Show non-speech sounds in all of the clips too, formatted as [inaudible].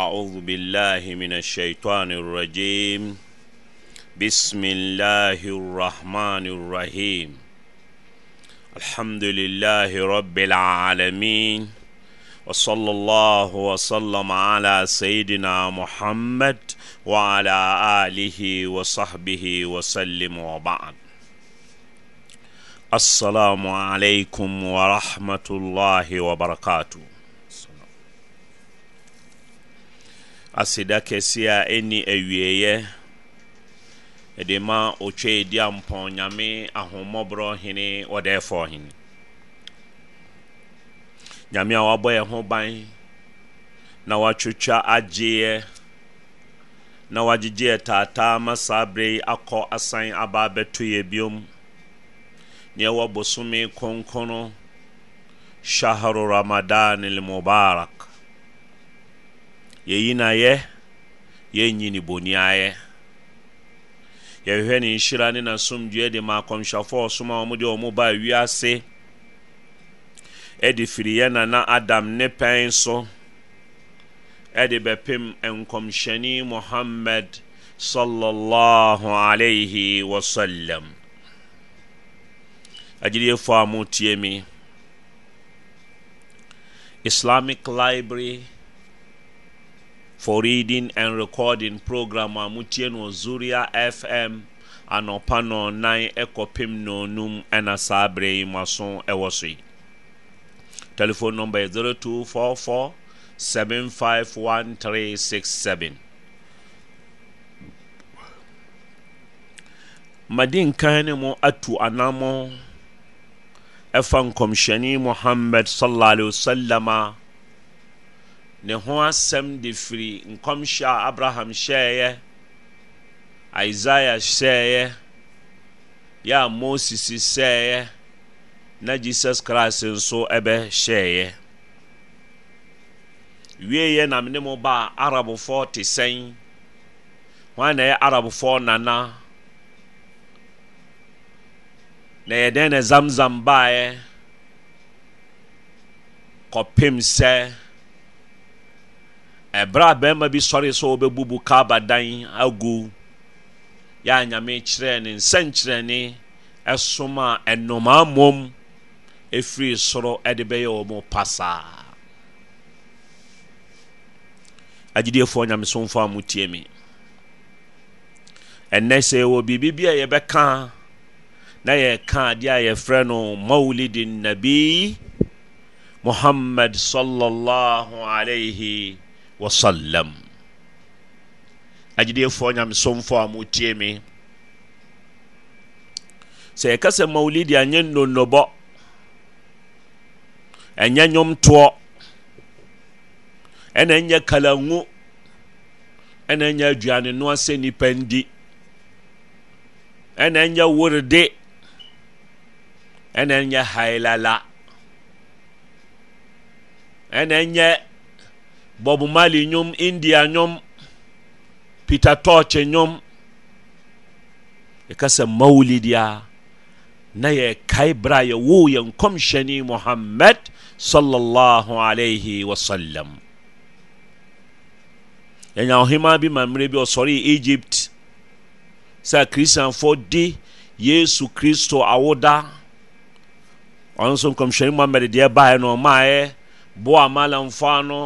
أعوذ بالله من الشيطان الرجيم بسم الله الرحمن الرحيم الحمد لله رب العالمين وصلى الله وسلم على سيدنا محمد وعلى آله وصحبه وسلم وبعد السلام عليكم ورحمة الله وبركاته aseda kɛseɛ a ɛni awieeɛ ɛde ma otwa edi ampɔn nyame ahommɔborɔ hene ɔdɛɛfɔ hene nyame a wabɔ yɛn ho ban na watwitwa agyeeɛ na wagyegye yɛ taata ma saa bere yi akɔ asan aba abɛto yɛ biom neɛ ɛwɔ bosome kronkrono shahru ramadan al mubarak yɛyi no ayɛ yɛnyi ne boni ayɛ yɛhwɛ ne nhyira ne nasomdua de ma akɔmhyɛfoɔ ɔsom a ɔmode ɔmo baa wiase ɛde firi nana adam ne pɛn so ɛde bɛpem nkɔmhyɛni mohammad sallallahu alaihi wasallam agyedeɛfoɔ a motie me islamic library for reading and recording program a motie no zuria fm anɔpa nɔnan ɛkɔpem nonum ɛna saa berɛ yi mo aso ɛwɔ so yi telephone number yɛ six seven. Madin nkan ne mu atu anamo ɛfa nkɔmhyɛne muhammad sallallahu alaihi wasallama ne ho asɛm de firi nkɔmhyɛ a abraham hyɛeɛ isaia hyɛeɛ yɛ a moses hyɛeɛ na jesus christ nso ɛbɛhyɛeɛ wieɛ nam ne mo ba a arabfoɔ te sɛn hwan na ɛyɛ arabfoɔ nana na yɛdɛn na zamzam baeɛ kɔpem sɛ ɛbrɛ a bɛrima bi sɔre sɛ wɔbɛbubu kaaba dan agu yɛ a nyame kyerɛɛ ne nsɛnkyerɛne ɛsom a ɛnomaa mmom ɛfiri soro ɛde bɛyɛ wɔ mo pasaa agyidiefoɔ nyamesomfo a motie me ɛnnɛ sɛ ɛwɔ biribi bi a yɛbɛka na yɛka adeɛ a yɛfrɛ no maulidi nabi muhammad sallallahu alaihi wasallam agyedeɛfoɔ nyamesomfoɔ a motie me sɛ yɛka sɛ maulidi anyɛ nnonnobɔ ɛnyɛ nnwomtoɔ ɛna ɛnyɛ kalangu ɛna ɛnyɛ aduane noa sɛ nnipa ndi ɛna ɛnyɛ worede ɛna ɛnyɛ hailala ɛna ɛnyɛ bob marley nnwom india nyom, peter torch nnwom yɛkasa maulidi a na yɛkae berɛ a yɛwoo yɛ nkɔmhyɛne mohammad sallallahu alaihi wasallam yɛnya ɔhema bi mammerɛ bi ɔsɔree egypt sɛ kristianfoɔ de yesu kristo awoda ɔno nso nkɔmhyɛne mohammad deɛ baeɛ no ɔmaeɛ boa amalamfoa no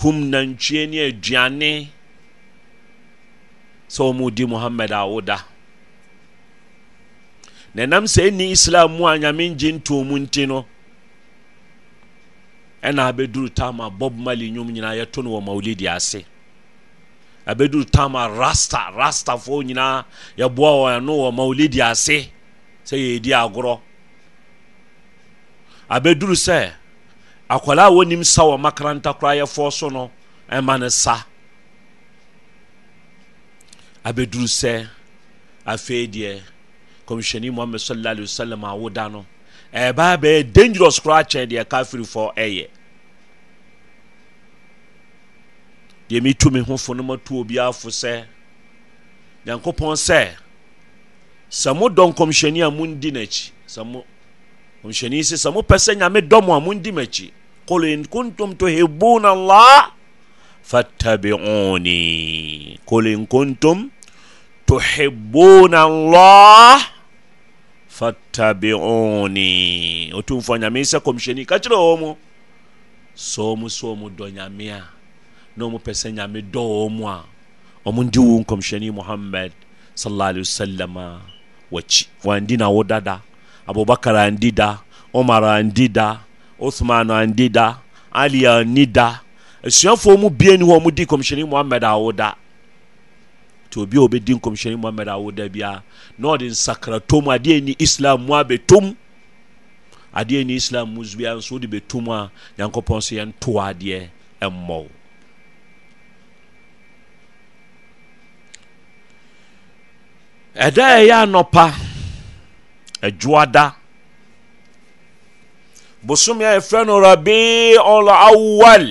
kum nantwie ne aduane sɛ wɔmudi mohammad a woda na ɛnam sɛ ɛnni islam mu a nyame ngye ntoo mu nti no ɛna abɛduru tam a bob mali nnwom nyinaa yɛto no wɔ maulidi ase abɛduru tam a rasta rastafoɔ nyinaa yɛboa wɔ ano wɔ maulidi ase sɛ yɛdi agorɔ abɛduru sɛ akwadaa a wɔnim sa wɔ makaranta koraa yɛfoɔ so no ɛma ne sa abɛduru sɛ afei deɛ kɔmhyɛni muhammed sallallahu alaihi wasallam awoda no ɛbaa bɛyɛ dangerous koraa kyɛn deɛ kafirifoɔ ɛyɛ deɛ metu me ho fo no matu obiara fo sɛ nyankopɔn sɛ sɛ modɔ nkɔmhyɛni a mondi n'akyi sɛ mo ɔnhyɛni sisa mopɛ sɛ nyame dɔ mo a mondi m'akyi قل إن كنتم تحبون الله فاتبعوني قل إن كنتم تحبون الله فاتبعوني otumfo nyame sɛ kɔmhyɛni ka kyerɛ ɔ mu sɛ mu sɛ dɔ nyame a na ɔmu sɛ nyame dɔ ɔ mu a wo nkɔmhyɛni muhammad sallallahu alaihi wasallam wakyi wandi na wo dada abubakar andida umar andida usman andida ali andida asuafoɔ mu bie ni wɔn mu di kɔmhyɛni muhammed awoda nti obi a obɛdi nkɔmhyɛni muhammed awoda biara na ɔde nsakratom adeɛ ni islam mu abɛtom adeɛ ni islam mu biara nso wode bɛtom a nyankopɔn so yɛnto adeɛ mmɔw ɛda ɛyɛ anɔpa adwoada bosome a yɛfrɛ no rabiul awal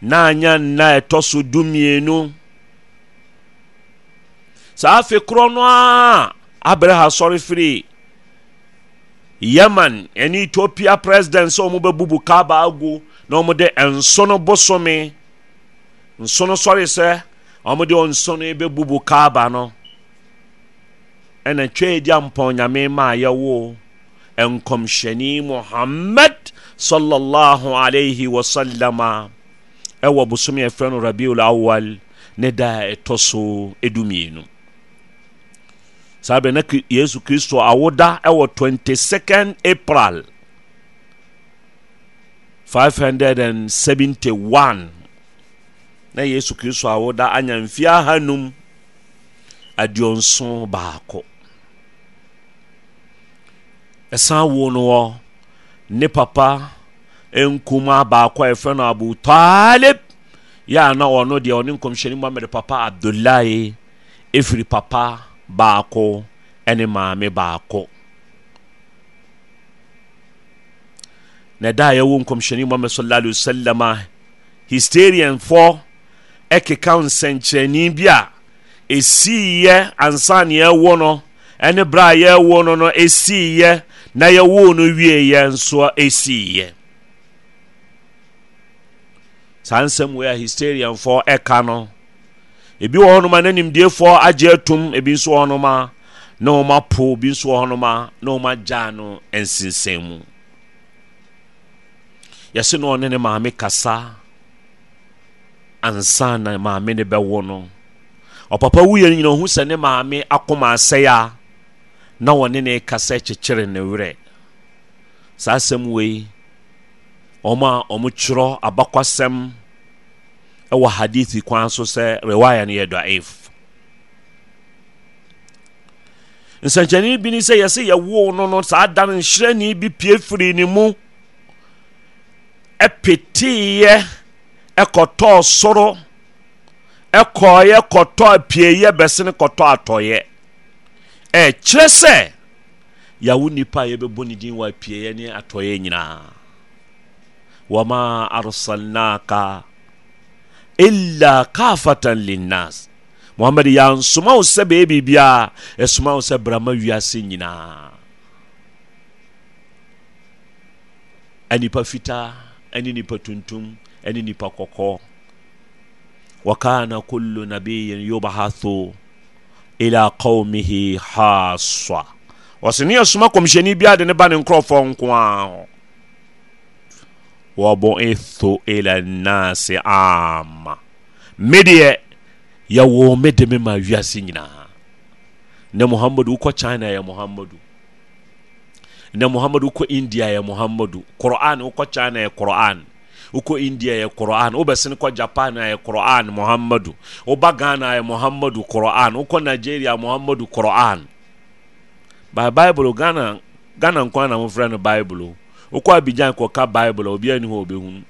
na anya nna ɛtɔ so dumienu saa afe korɔ no a abraha sɔre firi yemen ɛne ethiopia president sɛ ɔmo bɛbubu kaaba agu na ɔmo de nsono bosome nsono sɔre sɛ ɔmo de nsono bɛbubu kaaba no ɛna tweedia mpɔn nyame maa yɛwo nkɔmhyɛni muhammad sallallahu alayhi alaihi wasallama ɛwɔ bosome yɛfrɛ no rabiul awal ne da a ɛtɔ so dumienu saa bɛ na yesu kristo awoda ɛwɔ 22nd april 571 na yesu kristo awoda anya mfeɛ ahanum aduonso baako ɛsan wo no wɔ ne papa nkuma baako a ɛfrɛ no abu talib yɛ a ɔno deɛ ɔne nkɔmhyɛni muhammed papa abdullahi ɛfiri papa baako ɛne maame baako na da a yɛwo a ɛkeka bi a ɛsiiyɛ ansa no ɛne berɛ a yɛwo no no ɛsiiyɛ na yɛwoo no wieeɛ nso ɛsiiɛ saa nsɛm wei a hysterianfoɔ ɛka no ebi wɔ hɔnom a efo agye atum ebi nso wɔ hɔnom a na wɔn apo bi nso wɔ hɔnom a na wɔn agyaa no nsensan mu yɛsi na ɔne ne maame kasa ansa na maame ne bɛwo no ɔpapa wuyɛ no nyina na sɛ ne maame akoma asɛe na wɔne ne kasa kyekyere ne werɛ saa asɛm wei ɔmo a ɔmo twerɛ abakwasɛm ɛwɔ hadithi kwan so sɛ rewaya no yɛ dɔif nsɛnkyɛnni bi ni sɛ yɛsɛ yɛwoo no no saa da no nhyirɛni bi pie firi ne mu ɛpeteeɛ ɛkɔtɔɔ soro ɛkɔɔyɛ kɔtɔɔ pieeɛ bɛsene kɔtɔɔ atɔeɛ ɛkyerɛ sɛ yɛwo nnipa a yɛbɛbɔ ne din wɔ apieɛ ne atɔeɛ nyinaa wama arsalnaka illa kafatan linnas mohamad yɛansoma wo sɛ bɛɛ biribiaa ɛsoma wo sɛ brama wiase nyinaa anipa fitaa ɛne nipa tuntum ɛne nipa kɔkɔɔ wakana kullu nabiyin yubathu ila qaumihi haswa wɔse ne yɛsoma kɔmhyɛni bia de ne ba ne nkurɔfoɔ nko a hɔ wɔbɔetho ila nnase ama me deɛ yɛwɔ me de me ma wiase nyinaa nɛ muhammadu wokɔ china yɛ muhammadu nɛ muhammadu wokɔ india yɛ muhammadu qur'an wokɔ china yɛ qur'an wokɔ india yɛ quran wobɛsene kɔ japan a yɛ quran muhammadu woba ghana a yɛ muhammadu quran wokɔ nigeria muhammadu quran by bible ghana ghana nkwa na mofrɛ no bible wokɔ abidjan kɔka bible a obiaa ni hɔ obɛhunu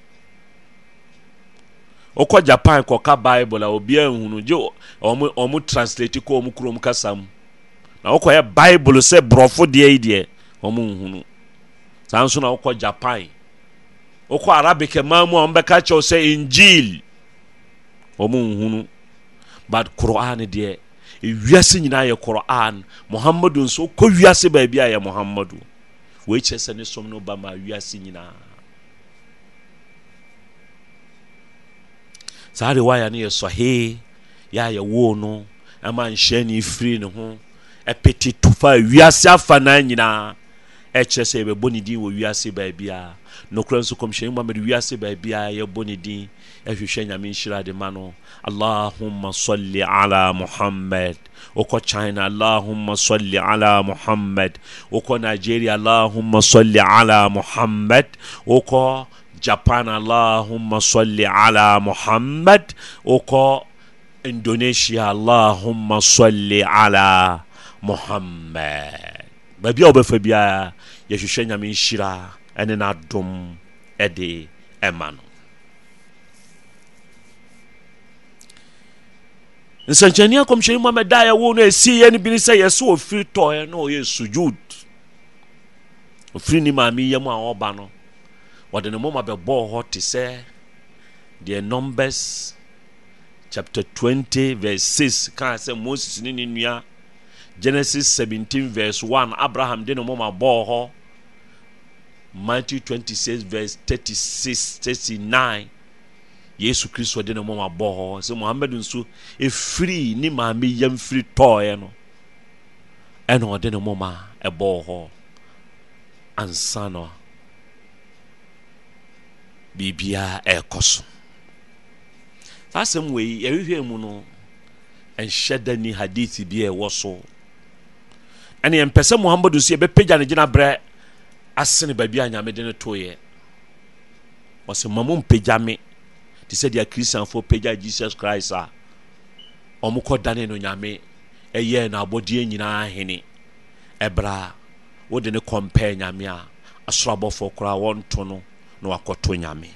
wokɔ japan kɔka bible a obiaa nhunu gye ɔmo ɔmo translate kɔ ɔmo kurom kasa mu na wokɔ yɛ bible sɛ borɔfo deɛ yi deɛ ɔmo nhunu saa nso na wokɔ japan wokɔ arabic ma mu a ɔmbɛka kyɛw sɛ injil ɔmo nhunu but quran deɛ ewiase nyinaa yɛ quran muhammadu nso kɔ wiase baabi a yɛ muhammadu wei kyerɛ sɛ ne som no ba ma wiase nyinaa saa rewaya no yɛ sɔhee yɛ a yɛwoo no ɛma nhyɛne firi ne ho ɛpete to fa wiase afa naa nyinaa ɛkyerɛ sɛ yɛbɛbɔ ne din wɔ wiase baabia nokorɛ nso kɔmhyɛni muhammad wiase baabia yɛbɔ ne din ɛhwehwɛ e nyame nhyira de ma no allahumma salli ala muhammad wokɔ china allahumma salli ala muhammad wokɔ nigeria allahumma salli ala muhammad wokɔ japan allahumma salli ala muhammad wokɔ indonesia allahumma salli ala muhammad baabi a wobɛfa biara yɛhwehwɛ nyame nhyira ɛne n'adom ɛde ɛma no nsɛnkyɛnni akɔmhyɛni mu amɛda a yɛwo no ɛsiiɛ no bi ne sɛ yɛsɛ ɔfiri tɔɛ na ɔyɛ sujud ɔfiri ne maame yɛ mu a ɔba no wɔde ne moma bɛbɔɔ hɔ te sɛ deɛ numbers chapter 20 verse 6 kaa sɛ moses ne ne nua genesis seventeen verse one, abraham de ne moma bɔɔ hɔ matthew 26 verse thirty nine, yesu kristo de ne moma bɔɔ hɔ sɛ muhammed nso ɛfiri ne maame yam firi tɔɔeɛ no ɛna ɔde ne moma ɛbɔɔ hɔ ansa no biribiaa ɛɛkɔ so saa asɛm wei yɛhwehwɛ mu no ɛnhyɛ da ni hadith bi a ɛwɔ so ɛne yɛmpɛ sɛ muhammadu so yɛbɛpagya ne gyina berɛ asene baabi a nyame de no toeɛ ɔsɛ ma mompagya me te sɛ deɛ akristanfoɔ pagya jesus christ a ɔmokɔ dane no nyame ɛyɛɛ no abɔdeɛ nyinaa hene ɛbrɛ wode ne kɔmpɛɛ nyame a asoro koraa wɔnto no na wakɔto nyame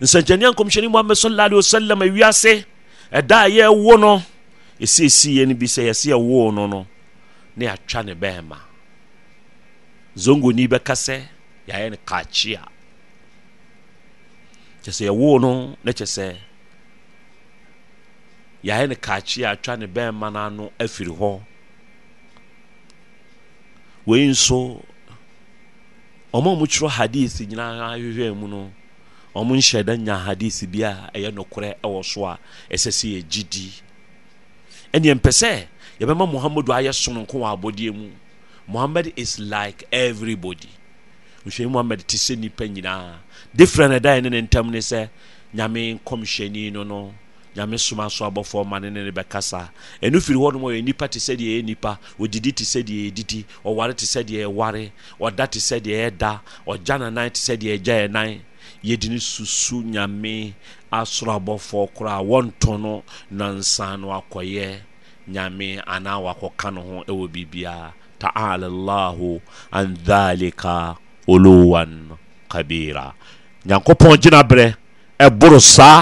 nsɛnkyɛnneɛ nkɔmhyɛne muhammad sallallahu alaihi wasallam awiase ɛda a yɛwo no ɛsiesiiɛ no bi sɛ yɛsɛ yɛwoo no no na yɛatwa ne bɛɛma zongoni bɛka sɛ yɛayɛ no kakyia kyɛ sɛ yɛwoo no na kyɛ sɛ yɛayɛ no kakyia atwa ne bɛɛma no ano afiri hɔ wei nso ɔma mu kyerɛ hadith nyinaa hwehwɛ mu no ɔmo nhyɛ da nya hadith bi a ɛyɛ nokorɛ ɛwɔ so a ɛsɛ sɛ yɛgyidi ɛne mpɛ sɛ yɛbɛma mohamado ayɛ sononko wɔ abɔdeɛ mu mohamad is like everybody nhwɛni mohamad te sɛ nnipa nyinaa different ɛda ne ne ntam ne sɛ nyame kɔmhyɛni no no nyame soma so abɔfoɔ ma ne ne bɛkasa ɛno firi hɔ nom ɔyɛ nnipa te sɛ deɛ ɛyɛ nnipa ɔdidi te sɛ deɛ ɛdidi ɔware te sɛ deɛ ɛware ɔda te sɛ deɛ ɛda ɔgya nanan te sɛ deɛ ɛgya ɛnan ne susu nyame asoro abɔfoɔ koraa wɔntɔ no nansa no akɔyɛ nyame anaa wakɔka no ho ɛwɔ biribiara ta'ala allahu an dhalika uluwan kabira nyankopɔn gyina berɛ ɛboro saa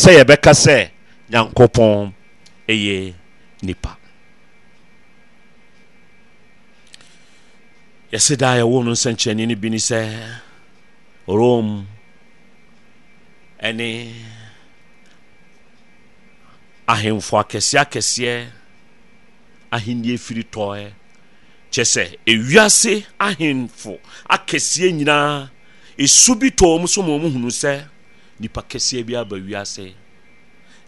sɛ yɛbɛka sɛ nyankopɔn ɛyɛ nipa yɛse daa yɛwo no nsɛnkyerɛnne no bi ne sɛ rome ɛne ahemfo akɛseɛ akɛseɛ ahenniɛ firi tɔɛ kyɛ sɛ ewiase ahemfo akɛseɛ nyinaa esu bi tɔɔ mu so ma ɔmu hunu sɛ nipa kɛseɛ bi aba wiase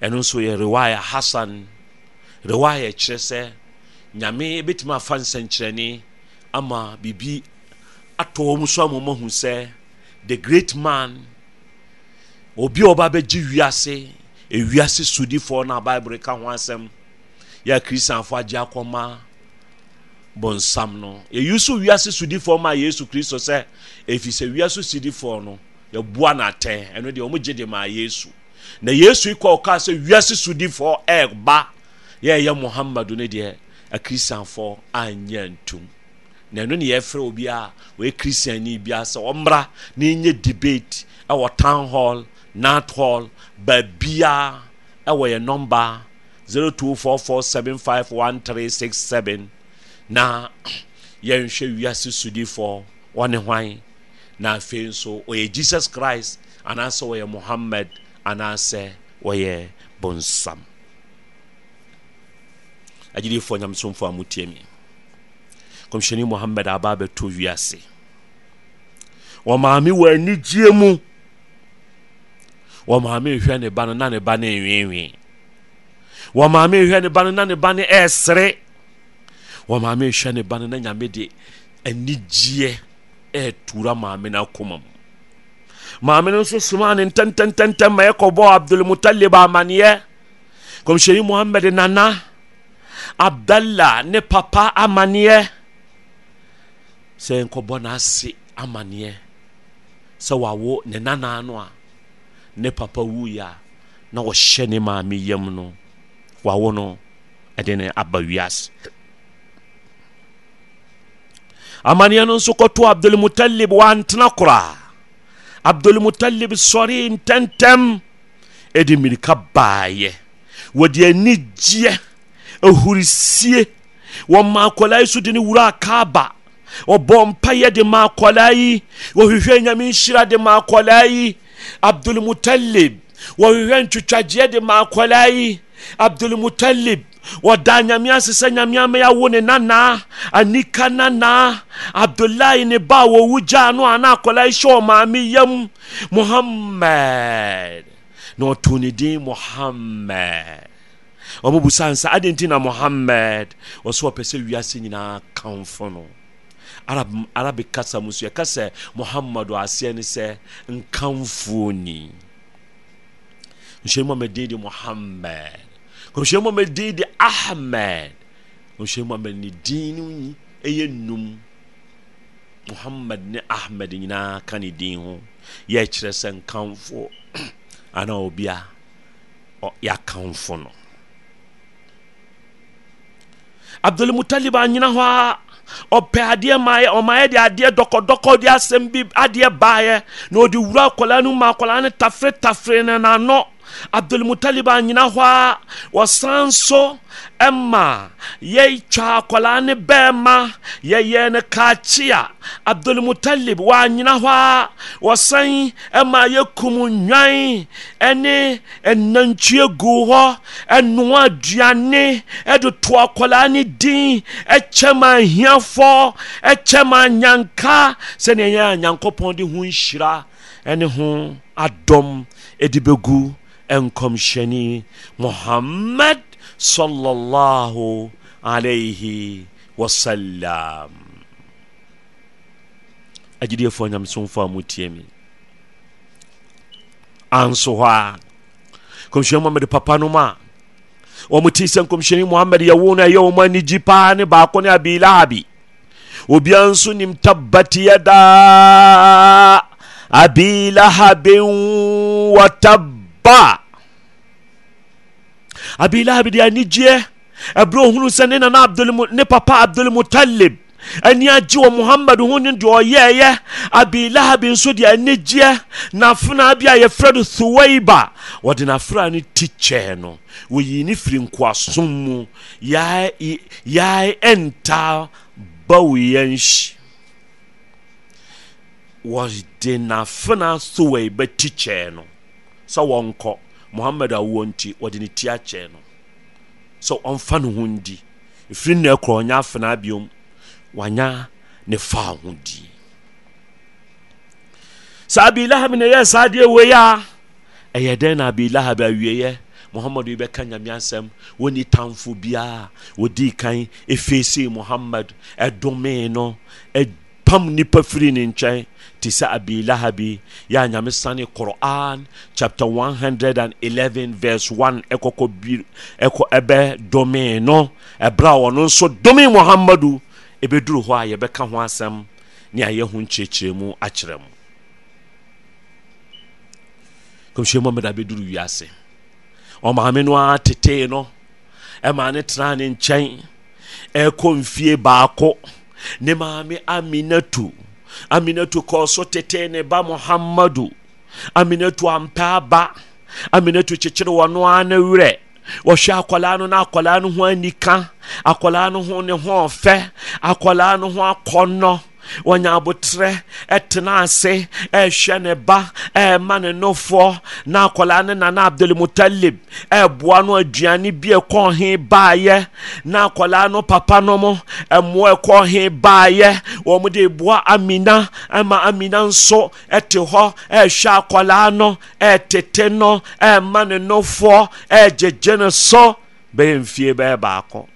ɛno nso yɛ rewaya hasan rewaya kyerɛ sɛ nyame bɛtumi afa nsɛnkyerɛni ama biribi atɔɔ mu so ama ɔmahu sɛ the great man obi a ɔba bɛgye wiase ewiase sodifoɔ na bible ka ho asɛm yɛ kristanfoɔ agye akɔma bɔnsam no yɛyi so wiase sodifoɔ ma yesu kristo sɛ ɛfiri e sɛ wiase sodifoɔ no yɛboa no atɛn ɛno deɛ ɔmo gye de maa yesu na yesu kɔ ɔka sɛ wiase sodifoɔ ɛɛba e yɛɛyɛ muhammadu no deɛ akristanfoɔ anyɛ ntom na ɛno ne yɛfrɛ obi a wɔyɛ kristiani bia sɛ ɔmmra na ɛnyɛ debate ɛwɔ e town hall natrol baabia ɛwɔ yɛ number 0244751367 na [clears throat] yɛnhwɛ wiase sudifɔ ɔne hwan na afei nso ɔyɛ jesus christ anaasɛ ɔyɛ mohammad anaasɛ ɔyɛ bonsam agyidifoɔ nyamesomfoɔ a motie mi kɔmhyɛni mohammad aba bɛto wiase ɔmaame wɔ anigyie mu wɔn maame ehwɛ ne ba no na ne ba no enwiinwii wɔn maame ehwɛ ne ba no na ne ba no ɛɛsere wɔn maame ehwɛ ne ba no na nyame de anigyeɛ ɛɛtura maame no akoma mu maame no nso soma ne ntɛntɛntɛntɛm ma ɛkɔbɔɔ abdulmutalib amanneɛ kɔmhyɛni muhammad nana abdalla ne papa amanneɛ sɛ nkɔbɔ n'ase amanneɛ sɛ wawo ne nana no a ne papa wuiɛ a na wɔhyɛ ne maame yam no wawo no ɛde ne aba wiase amanneɛ no nso kɔto abdulmutalib wantena koraa abdulmutalib sɔre ntɛntɛm ɛde mmirika baayɛ wɔde anigyeɛ ahurisie wɔma akɔlaa yi so de ne wura kaaba ɔbɔ mpayɛ de ma yi wɔhwehwɛ nyame nhyira de ma yi abdulmutalib wɔhwehwɛ ntwitwagyeɛ de ma akwadaa yi abdulmutalib wɔda nyame ase sɛ nyame ama yɛawo ne nanaa anika nanaa abdulai ne ba a wɔwu gyaa no ana akwadaa yi hyɛ ɔmaame yam mohammad na ɔtoo ne din mohammad ɔmo nsa adɛn na mohammad ɔsɛ ɔpɛ sɛ wiase nyinaa kamfo no arab arabi kasa mu so yɛka muhammadu aseɛ ne sɛ nkamfuo ni nhyɛn mu a mɛdin muhammad nhyɛn mu a mɛdin ahmed nhyɛn mu a ni din no nyi ɛyɛ num muhammad ne ahmed nyinaa ka ne din ho yɛkyerɛ sɛ nkamfoɔ [clears throat] anaa obia yɛakamfo no abdulmutalib anyina hɔ a ɔpɛ adeɛ ma yɛ ɔma yɛ de adeɛ dɔkɔdɔkɔ de asɛm bi adeɛ baayɛ na ɔde wura akwadaa no mu akwadaa no tafere tafere na n'anɔ abdulmutalib anyina hɔ a wɔsan so ɛma yɛtwa akwaraa ne bɛɛma yɛyɛ no kaakyea abdulmutalib wɔanyina hɔ a wɔsan ɛma yɛkum nnwan ɛne ɛnantwie gu hɔ ɛnoa aduane ɛde to akwaraa ne din ɛkyɛ ma ahiafoɔ ɛkyɛ ma anyanka sɛnea yɛn a nyankopɔn de ho nhyira ɛne ho adɔm ɛde bɛgu ɛnkɔmhyɛni muhammad sallallahu alaihi wasallam agyidiefo nyamesomfo a motie me anso hɔ a kɔmhyɛni muhammad papa nom a tii sɛ nkɔmhyɛni muhammad yɛwo no ɛyɛ wo ma anigye paa ne baako ne abilahabi obia nso nim tabbat yada abi lahabin watabba abilahab de anigyeɛ ɛberɛ ohunu sɛ ne nana ne papa abdulmutalib ani agye wɔ muhammad ho ne deɛ ɔyɛɛyɛ abilahab nso de anigyeɛ n'afenaa bi a yɛfrɛ no thuwaiba wɔde n'afenaa no ti kyɛɛ no wɔyii ne firi nkoasom mu yae ɛntaa bawoyɛnhyi wɔde n'afenaa thuwaiba ti kyɛɛ no sɛ wɔnkɔ muhammad awoɔ nti wɔde ne ti akyɛ no sɛ ɔmfa ne ho ndi ɛfiri nnɛ korɔ ɔnyɛ afena biom wanya ne faa ho di sɛ abilahab ne yɛ saa deɛ wei a ɛyɛ dɛn na abilahab awieɛ muhammad yi bɛka nyame asɛm wɔni tamfo biaa wɔdii kan ɛfeesei muhammad ɛdomee no ɛpam nnipa firi ne nkyɛn te sɛ abi lahabi yɛ a nyame sane quran chapter 111 verse 1 ɛkɔkɔ bi ɛkɔ ɛbɛ domee no ɛberɛ a ɔno nso domee muhammadu ɛbɛduru hɔ a yɛbɛka ho asɛm ne ayɛ ho nkyerɛkyerɛmu akyerɛ mu kɔmhyɛ muhammad abɛduru wiase ɔmaame no ara tetee no ɛma ne tena ne nkyɛn ɛkɔ mfie baako ne maame aminatu aminatu kɔɔ so tetee ne ba muhammadu aminatu ampɛ aba aminatu kyekyere wɔ no ara ne werɛ wɔhwɛ akwadaa no na akwadaa no ho anika akwadaa no ho ne ho ɔfɛ akwadaa no ho akɔnnɔ wɔnya abotrɛ ɛtena ase ɛhwɛ ne ba ɛma ne nofoɔ na akɔla ne nana abdulmutalib ɛboa no aduane bi ɛkɔ he baayɛ na akɔla no papa no mo ɛmmoa ɛkɔ he baayɛ wɔn mo de boa amina ɛma amina nso ɛte hɔ ɛhwɛ akɔla no ɛtete no ɛma ne nofoɔ ɛgyegye ne so bɛyɛ mfie bɛyɛ baako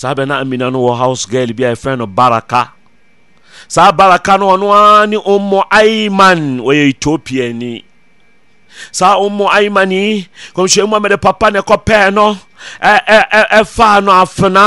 saa bɛ na amina no wɔ house girl bi a yɛfrɛ no baraka saa baraka no ɔno ara ne ɔmmɔ aiman ɔyɛ ethiopiani saa ɔmmɔ aiman yi kɔmhyɛn mu amɛde papa ne kɔpɛɛ no ɛfaa no afena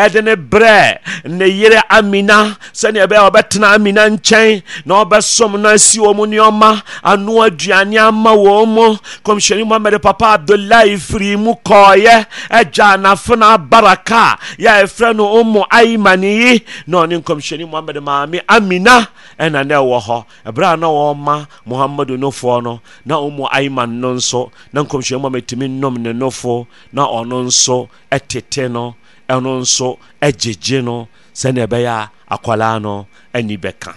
ɛde ne brɛ ne yere amina sɛnea ɛbɛyɛ ɔbɛtena amina nkyɛn na ɔbɛsom no asi wɔ mu nneɔma ano aduane ama wɔ mu kɔmhyɛni muhammad papa abdullahi firi mu kɔɔyɛ ɛgya anafena baraka yɛ ɛfrɛ no umu aimane yi na ɔne nkɔmhyɛni muhammad maame amina ɛna ne ɛwɔ hɔ ɛberɛ a na wɔma muhammadu nofoɔ no na umu aiman no nso na nkɔmhyɛni muhammad tumi nom ne nofo na ɔno ɛno nso ɛtete no ɛno nso ɛgyegye no sɛnea ɛbɛyɛ a akwadaa no ani bɛka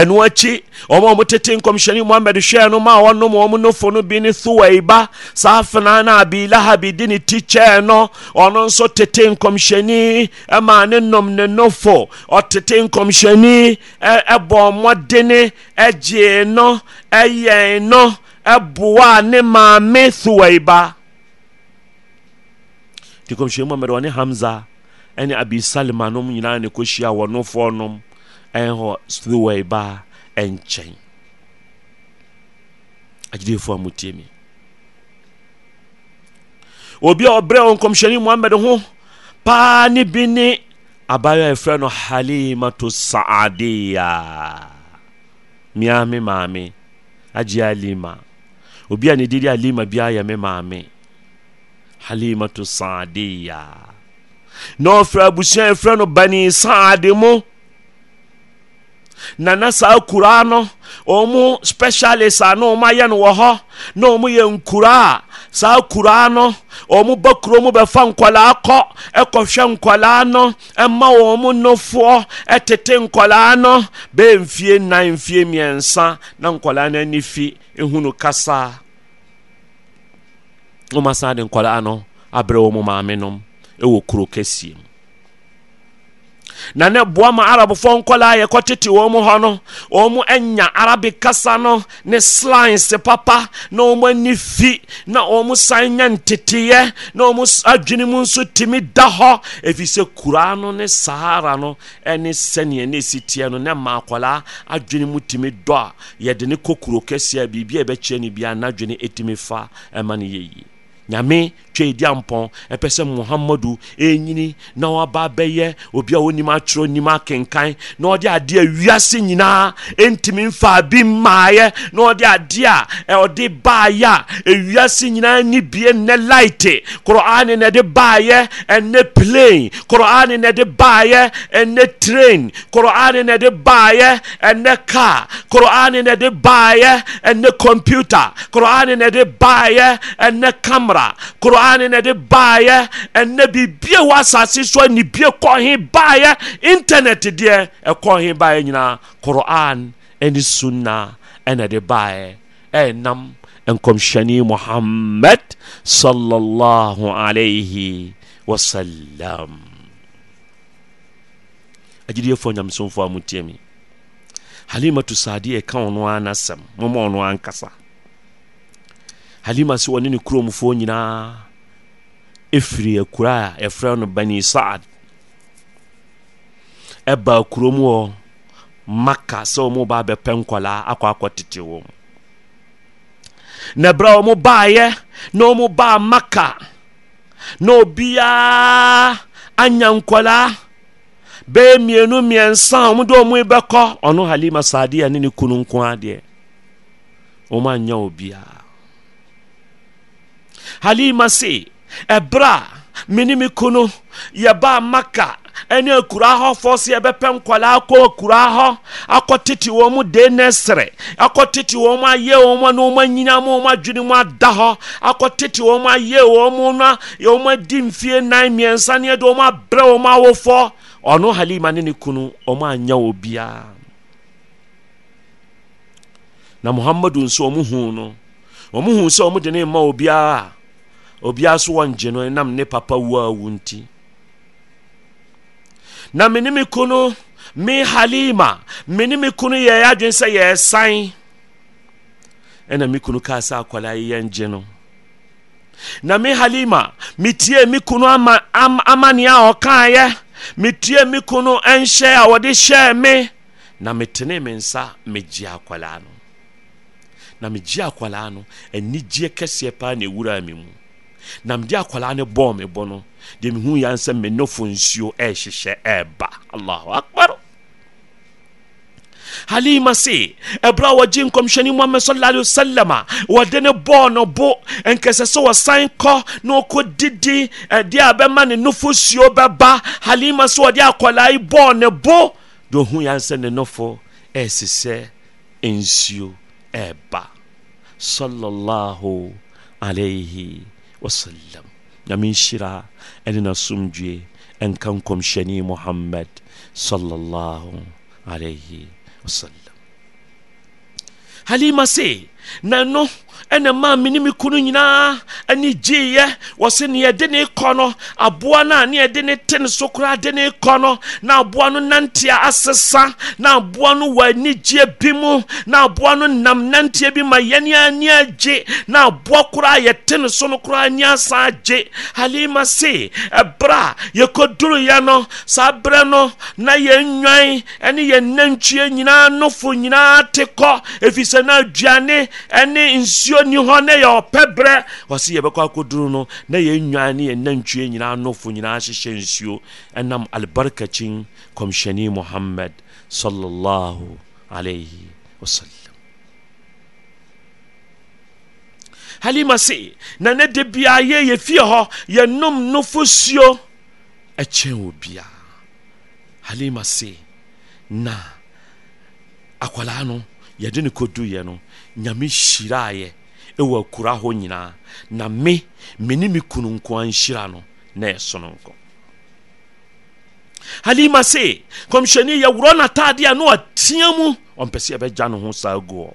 ɛno akyi wɔn a wɔtete nkɔmhyɛni muhammed hwɛɛ no ma wɔnom wɔn nofo no bi ne thuwaiba saa afenaa no abi lahabi di ne ti kyɛɛ no ɔno nso tete nkɔmhyɛni ɛma ne nom ne nofo ɔtete nkɔmhyɛni ɛbɔ mmɔdene ɛgyee no ɛyɛn no ɛboa ne maame thuwaiba nti kɔmhyɛni muhammad ɔne hamza ɛne abi salima nom nyinaa ne kɔhyia wɔ nofoɔ nom ɛn hɔ sloway ɛnkyɛn agyedefoɔ a motie me obi a ɔbrɛ wɔ nkɔmhyɛni muhammad ho paa ne bi ne abayewa a yɛfrɛ no halimato saadiya mia maame agye alima obi a ne didi alima biara yɛ me maame halimatu saadiya na ɔfiri abusua ɛfrɛ no bani saade mu na na saa kuraa no ɔmo specialist a na ɔmo ayɛ no wɔ hɔ na ɔmo yɛ nkuraa saa kuraa no ɔmo ba kuro mu bɛfa nkɔlaa kɔ ɛkɔhwɛ nkɔlaa no ɛma wɔn nofoɔ ɛtete nkɔlaa no bɛɛ mfie nan mfie mmiɛnsa na nkɔlaa no ani fi ehunu kasa wɔma san de nkwadaa no abrɛ wɔn maame nom ɛwɔ kuro kɛseɛ mu na ne boa ma arabfoɔ nkɔlaa yɛkɔtete wɔn mu hɔ no wɔn mu anya arabic kasa no ne slines papa na wɔn ani fi na wɔn san nya nteteeɛ na wɔn adwene mu nso tumi da hɔ ɛfiri sɛ kuraa no ne sahara no ɛne sɛneɛ ne ɛsi teɛ no ne ma akɔlaa adwene mu tumi dɔ a yɛde ne kɔ kuro kɛseɛ biribi a ɛbɛkyerɛ no biara n'adwene ɛtumi fa ɛma no yɛyie nyame twe di ampɔn ɛpɛ sɛ muhammadu ɛnyini na waba bɛyɛ obi a wonim atwerɛ nim akenkan na ɔde adeɛ wiase nyinaa ɛntimi mfaa bi mmaayɛ na ɔde adeɛ a ɔde baayɛ a ewiase nyinaa ni bie nnɛ light korɔane na ɛde baayɛ ɛnɛ plane korɔane na ɛde baayɛ ɛnɛ train korɔane na ɛde baayɛ ɛnɛ car korɔane na ɛde baayɛ ɛnɛ computer korɔane na ɛde baayɛ ɛnɛ camera kora korane ne de baayɛ ɛnɛ biribie wɔ asase so anibie kɔhe baayɛ intanɛt deɛ ɛkɔhe baayɛ nyinaa koran ɛne sunna ɛnɛ de baayɛ ɛɛnam nkɔmhyɛne muhammad sallallahu alaihi wasallam agyidiefoɔ nyamesomfoɔ a mutiemi Halima Tusaadi ɛka ɔno ara nasɛm moma ɔno ankasa halima se ɔne ne kuromfoɔ nyinaa ɛfiri akura a ɛfrɛ no bani saad ɛba kurom wɔ maka sɛ ɔmo ba bɛpɛ nkɔlaa akɔ akɔ tete wɔm na berɛ ɔmo baayɛ na ɔmo baa maka na obiaa anya nkɔlaa bɛyɛ mmienu mmiɛnsa a ɔmo ɔmo bɛkɔ ɔno halima saadeɛ ne ne kunu nko adeɛ ɔmo anya obiaa halima se ɛberɛ a me kunu me maka ɛne akuraa hɔfoɔ fɔsi yɛbɛpɛ nkwalaa akɔ akuraa hɔ akɔ titi wɔn mu de ne serɛ akɔ titi wɔn mu ayɛ wɔn mu ana wɔn anyina mu wɔn adwene mu ada hɔ akɔ titi wɔn mu ayɛ wɔn mu na wɔn adi mfie nan mmiɛnsa ne ɛde wɔn abrɛ wɔn awofoɔ ɔno halima ne ne kunu wɔn anya wɔ na muhammadu nso wɔn hu no ɔmo hu sɛ ɔmo de ne ma obiara obiara so wɔngye no ɛnam ne papa wu a wu nti na mene ne me kunu me halima me ne me kunu yɛɛ adwene sɛ yɛɛ san ɛna me kunu kaa sɛ akwadaa yi yɛngye no na me halima metie me kunu ama am, amanneɛ a ɔkaeɛ metie me kunu ɛnhyɛ a wɔde hyɛɛ me na metene me nsa megye akwadaa no na megye akwalaa no anigyeɛ kɛseɛ paa na ɛwuraa me mu na mede akwalaa no bɔɔ me bɔ no deɛ mehu yɛ sɛ me nofo nsuo ɛɛhyehyɛ ɛɛba allahu akbar halima se ɛberɛ a wɔgye nkɔmhyɛne muhammad sallallahu alaihi wasallam a wɔde ne bɔɔ no bo nkɛsɛ sɛ wɔsan kɔ na ɔkɔdidi ɛdeɛ a bɛma ne nofo suo bɛba halima sɛ wɔde akɔlaa yi bɔɔ ne bo deɛ ɔhu yɛ sɛ ne nofo ɛɛsesɛ nsuo ebba sallallahu alaihi wasallam nyame nhyira ɛne nasomdwe ɛnka shani muhammad sallallahu alaihi wasallam halima se nanu. no ɛna maa me ne me kunu nyinaa ani gyeeɛ wɔ se ne yɛde ne kɔ no aboa no a ne yɛde ne te so koraa de ne kɔ no na aboa no nantea asesa na aboa no wɔ anigyeɛ bi mu na aboa no nam nanteɛ bi ma yɛne ani agye na aboa koraa yɛte ne so no koraa ani asan agye halima se ɛberɛ a yɛkɔduruiɛ no saa berɛ no na yɛn nnwan ɛne yɛn nantwie nyinaa nofo nyinaa te kɔ ɛfiri sɛ na aduane ɛne nsuo ni hɔ ne yɛ ɔpɛ berɛ wɔse yɛbɛkɔ akɔduru no na yɛn nnwan ne yɛn nantwie nyinaa nofo nyinaa hyehyɛ nsuo ɛnam albarkakyin kɔmhyɛni muhammad sallallahu alaihi wasallam halima se na ne de biara yɛ ye fie hɔ yɛnom nofo suo ɛkyɛn wɔ biara halima se na akwala no yɛde ne kɔduyɛ no nyame hyiraa yɛ ɛwɔ akura hɔ nyinaa na me me ne me kunu nko a nhyira no na ɛsono halima se kɔmhyɛni yɛworɔ n'ataade a na wateɛ mu ɔmpɛ sɛ yɛbɛgya ne ho saa guɔ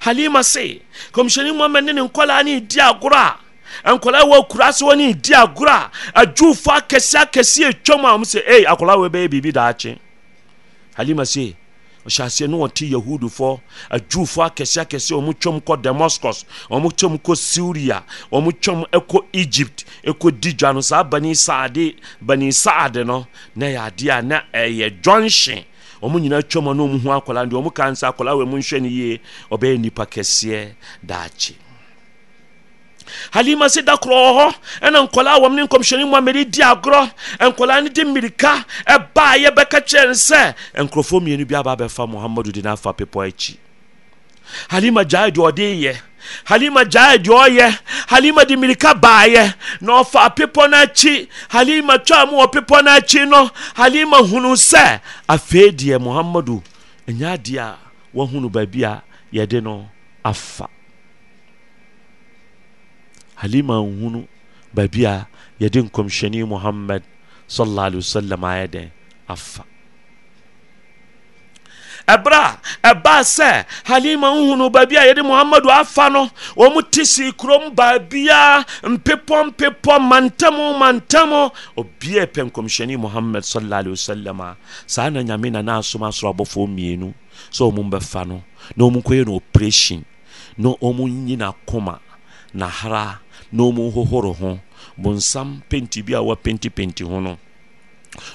halima se kɔmhyɛni mohamad ne ne nkɔlaa ne ɛdi agorɔ a nkɔlaa wɔ akura se hɔ ne ɛdi agorɔ a adwufoɔ akɛseɛ akɛseɛ ɛtwam a wɔm sɛ ei akɔlaa wɔ bɛyɛ biribi daakye halima se ɔhyɛ aseɛ ne wɔte yahudifoɔ adwufoɔ akɛseɛ akɛseɛ ɔmo twam kɔ damascus ɔmo twam kɔ syria ɔmo twam ɛkɔ egypt ɛkɔ di dwa no saa bani saade bani saade no na ɛyɛ adeɛ a na ɛyɛ dwɔnhye ɔmo nyinaa twam a na ɔmo ho akwadaa deɛ ɔmo ka nsa akwadaa wɔ mu nhwɛ no yie ɔbɛyɛ nipa kɛseɛ daakye halima se da korɔ hɔ ɛna nkɔlaa wɔm ne nkɔmhyɛni muhammed di agorɔ nkɔlaa no de mmirika ɛbaa yɛ kyerɛ no sɛ nkurɔfoɔ mmienu bi aba bɛfa muhammadu de no afa pepɔ akyi halima gyae deɛ ɔde yɛ halima gyae deɛ ɔyɛ halima de mirika baayɛ na ɔfa pepɔ no akyi halima twaa mu wɔ pepɔ no akyi no halima hunu sɛ afei deɛ muhammadu ɛnyɛ adeɛ a wahunu baabi a yɛde no afa halima nhunu baabi a yɛde nkɔmhyɛni mohammad sallallahu alaihi ayɛ dɛn afa ɛberɛ a ɛbaa sɛ halima nhunu baabi a yɛde mohamado afa no mu te sii kurom baabia mpepɔ mpepɔ mantam mantam obiara pɛ nkɔmhyɛni mohammad sallallahu alaihi a saa na nyame na asom asoro abɔfoɔ mmienu sɛ wɔn bɛfa no na ɔmu kɔyɛ no operation na wɔn nyi koma na na ɔmu hohoro ho bonsam penti bi a wɔpenti penti ho no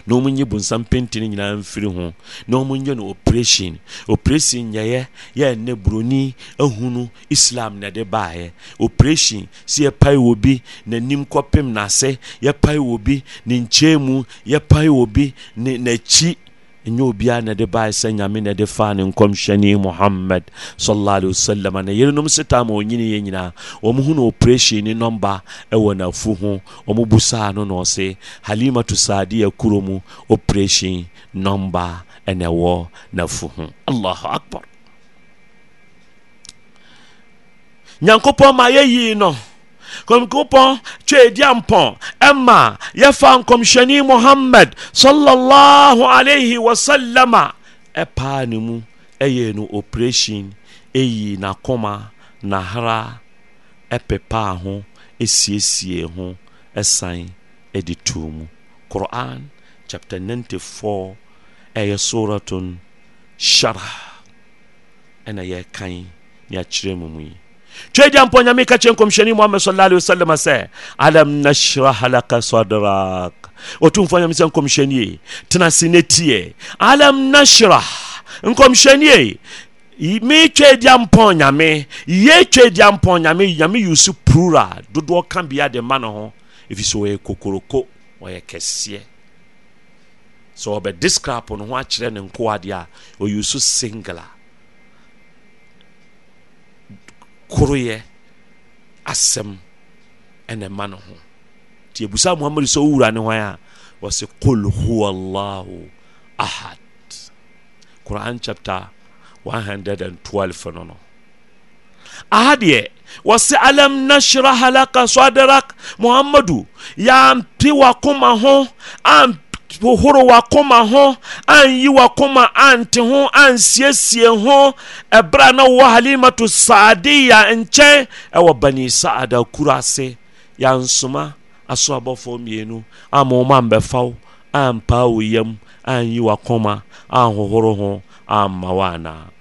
na ɔmu nye bonsam penti no nyinaa mfiri ho na ɔmu nye no operation operation nyɛyɛ yɛ ne buroni ahunu islam na de baayɛ operation si yɛpae wɔ bi n'anim kɔpem n'ase yɛpae wɔ bi ne nkyɛn mu yɛpae wɔ bi ne n'akyi ɛnyɛ obiara na de baa sɛ nyame na de faa ne nkɔmhyɛne muhammad sallallahu alaihi wasallam na yɛrenom seta ma ɔnyini yɛ nyinaa ɔmo hu na operation ne nɔmba ɛwɔ n'afu ho ɔmo busaa no na ɔse halimatu saadiya kuro mu operation nɔmba ɛna ɛwɔ n'afu ho allahu akbar nyankopɔn ma yɛyii no kɔnkɔnpɔn twɛdia mpɔn ɛma yɛfa nkɔmhyɛni muhammad sallallahu alayhi wa sallama ɛpaa ne mu ɛyɛ no operation ɛyi n'akoma n'ahara ɛpepaa ho ɛsiesie ho ɛsan ɛde tuu mu quran chapter ninety four ɛyɛ suratun sharah ɛna yɛkan ne akyerɛ mu mu yi twedia mpɔ nyame ka kyerɛ nkɔmhyɛne muhammad sallallahu alaihi wasallam sɛ alam nashrah laka sadrak ɔtumfoɔ nyame sɛ nkɔmhyɛnie tena se ne tie alam nashrah nkɔmhyɛnie me twedia mpɔ nyame ye twedia mpɔ nyame nyame use plura dodoɔ ka bia de ma ne ho ɛfiri sɛ ɔyɛ kokoroko ɔyɛ kɛseɛ sɛ ɔbɛdescribe no ho akyerɛ ne nkoadeɛ a ɔyusu singla koroyɛ asɛm ɛna ma no ho nti ebusa muhammadu sɛ wowura ne hwan a wɔsi kol huwallahu ahad quran chapter 112 no no ahadeɛ yɛ wɔsi alam nashrah laka sadarak muhammadu yɛampe wakoma ho ampi hohoro w'akoma ho anyi w'akoma ante ho ansiesie ho ɛberɛ a na wowɔ halimato saadiya nche ɛwɔ bani saada kuro ase yɛansoma aso abɔfoɔ mmienu ama wo ma ambɛfa wo ampaa wo yam anyi w'akoma anhohoro ho amma wo anaa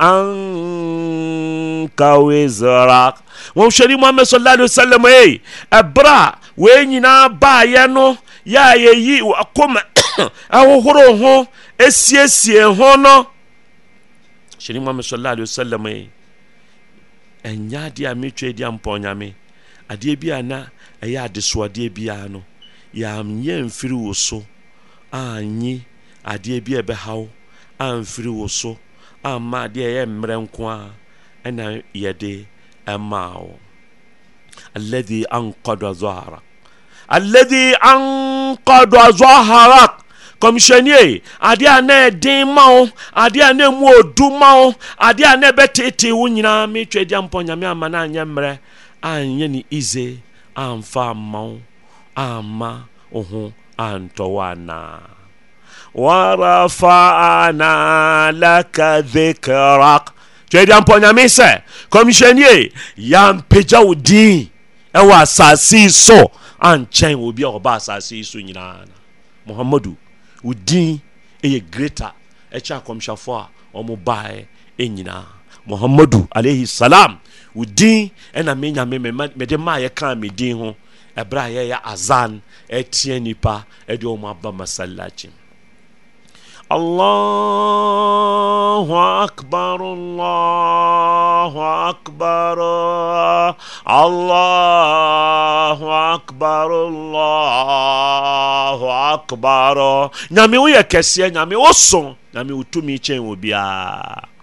an Kawe wizrak wɔn hwɛni muhammed sallallahu alaihi wa sallam ee eh, ɛbrɛ a wɔn nyinaa baayɛ no yɛ a akoma [coughs] ahohoro ho esiesie ho no hwɛni muhammed sallallahu alaihi wa sallam ee eh, ɛnya adeɛ a metwa edi ampɔnyame adeɛ bi a na ɛyɛ adesoadeɛ biara no yɛanyɛ mfiri wo so anyi adeɛ bi a ɛbɛhaw amfiri wo so amma adeɛ ɛyɛ mmerɛ nko a ɛna yɛde ɛmaa wo alladhi ankɔdɔ zɔhara alladhi ankɔdɔ zɔhara kɔmhyɛnie adeɛ a na ɛden ma wo adeɛ a na ɛmu odu ma wo adeɛ a na ɛbɛtetee wo nyinaa metwa adi ampɔ nyame ama no anyɛ mmerɛ anyɛ ne ize amfa amma wo amma wo ho antɔ wo anaa ورفعنا لك ذكرك twɛde ampɔ nyame sɛ kɔmhyɛnie yɛmpagya wo din ɛwɔ asase yi so ankyɛn obi a ɔba asase yi so nyinaa na muhammadu wo din ɛyɛ greater ɛkyɛ akɔmhyɛfoɔ a ɔmo baeɛ ɛnyinaa muhammadu alayhi salam wo din ɛna me nyame mede maa yɛkaa me din ho ɛberɛ a yɛyɛ azan ɛteɛ nipa ɛde ɔmo aba masalakyim الله أكبر الله أكبر الله أكبر الله أكبر nyame woyɛ kɛseɛ nyame woso nyame wotumi kyɛn wɔ biara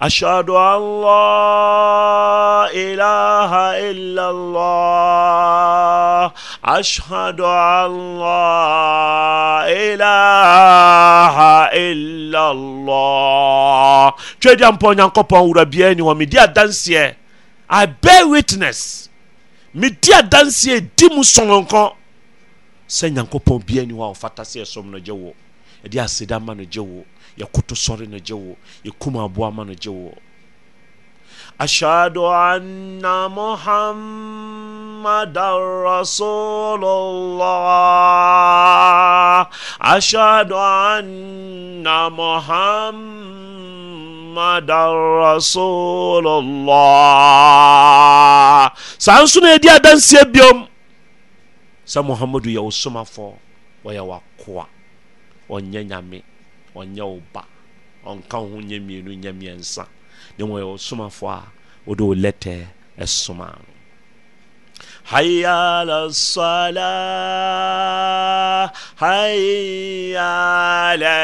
أشهد أن لا إله إلا الله أشهد أن لا إله إلا الله twedi ampɔ nyankopɔn wura biara ni wɔ medi adanseɛ i bear witness medi adanseɛ e di mu sononko sɛ nyankopɔn biara ni wɔ a ɔfata sɛ ɛsom no gye wo ɛde aseda ma no gye yɛkoto sɔre no gye wo yɛkum aboa ma no gye wo ashhadu anna muhammadan rasulullah ashhadu anna muhammadan rasulullah saa nso na ɛdi adanseɛ biom sɛ muhammadu yɛ wo somafoɔ wɔyɛ wakoa ɔnyɛ nyame ɔnyɛ wo ba ɔnka wo ho nyɛ mmienu nyɛ mmiɛnsa ne wɔyɛ wo somafoɔ a wode wo lɛtɛ ɛsoma no حي على الصلاة حي على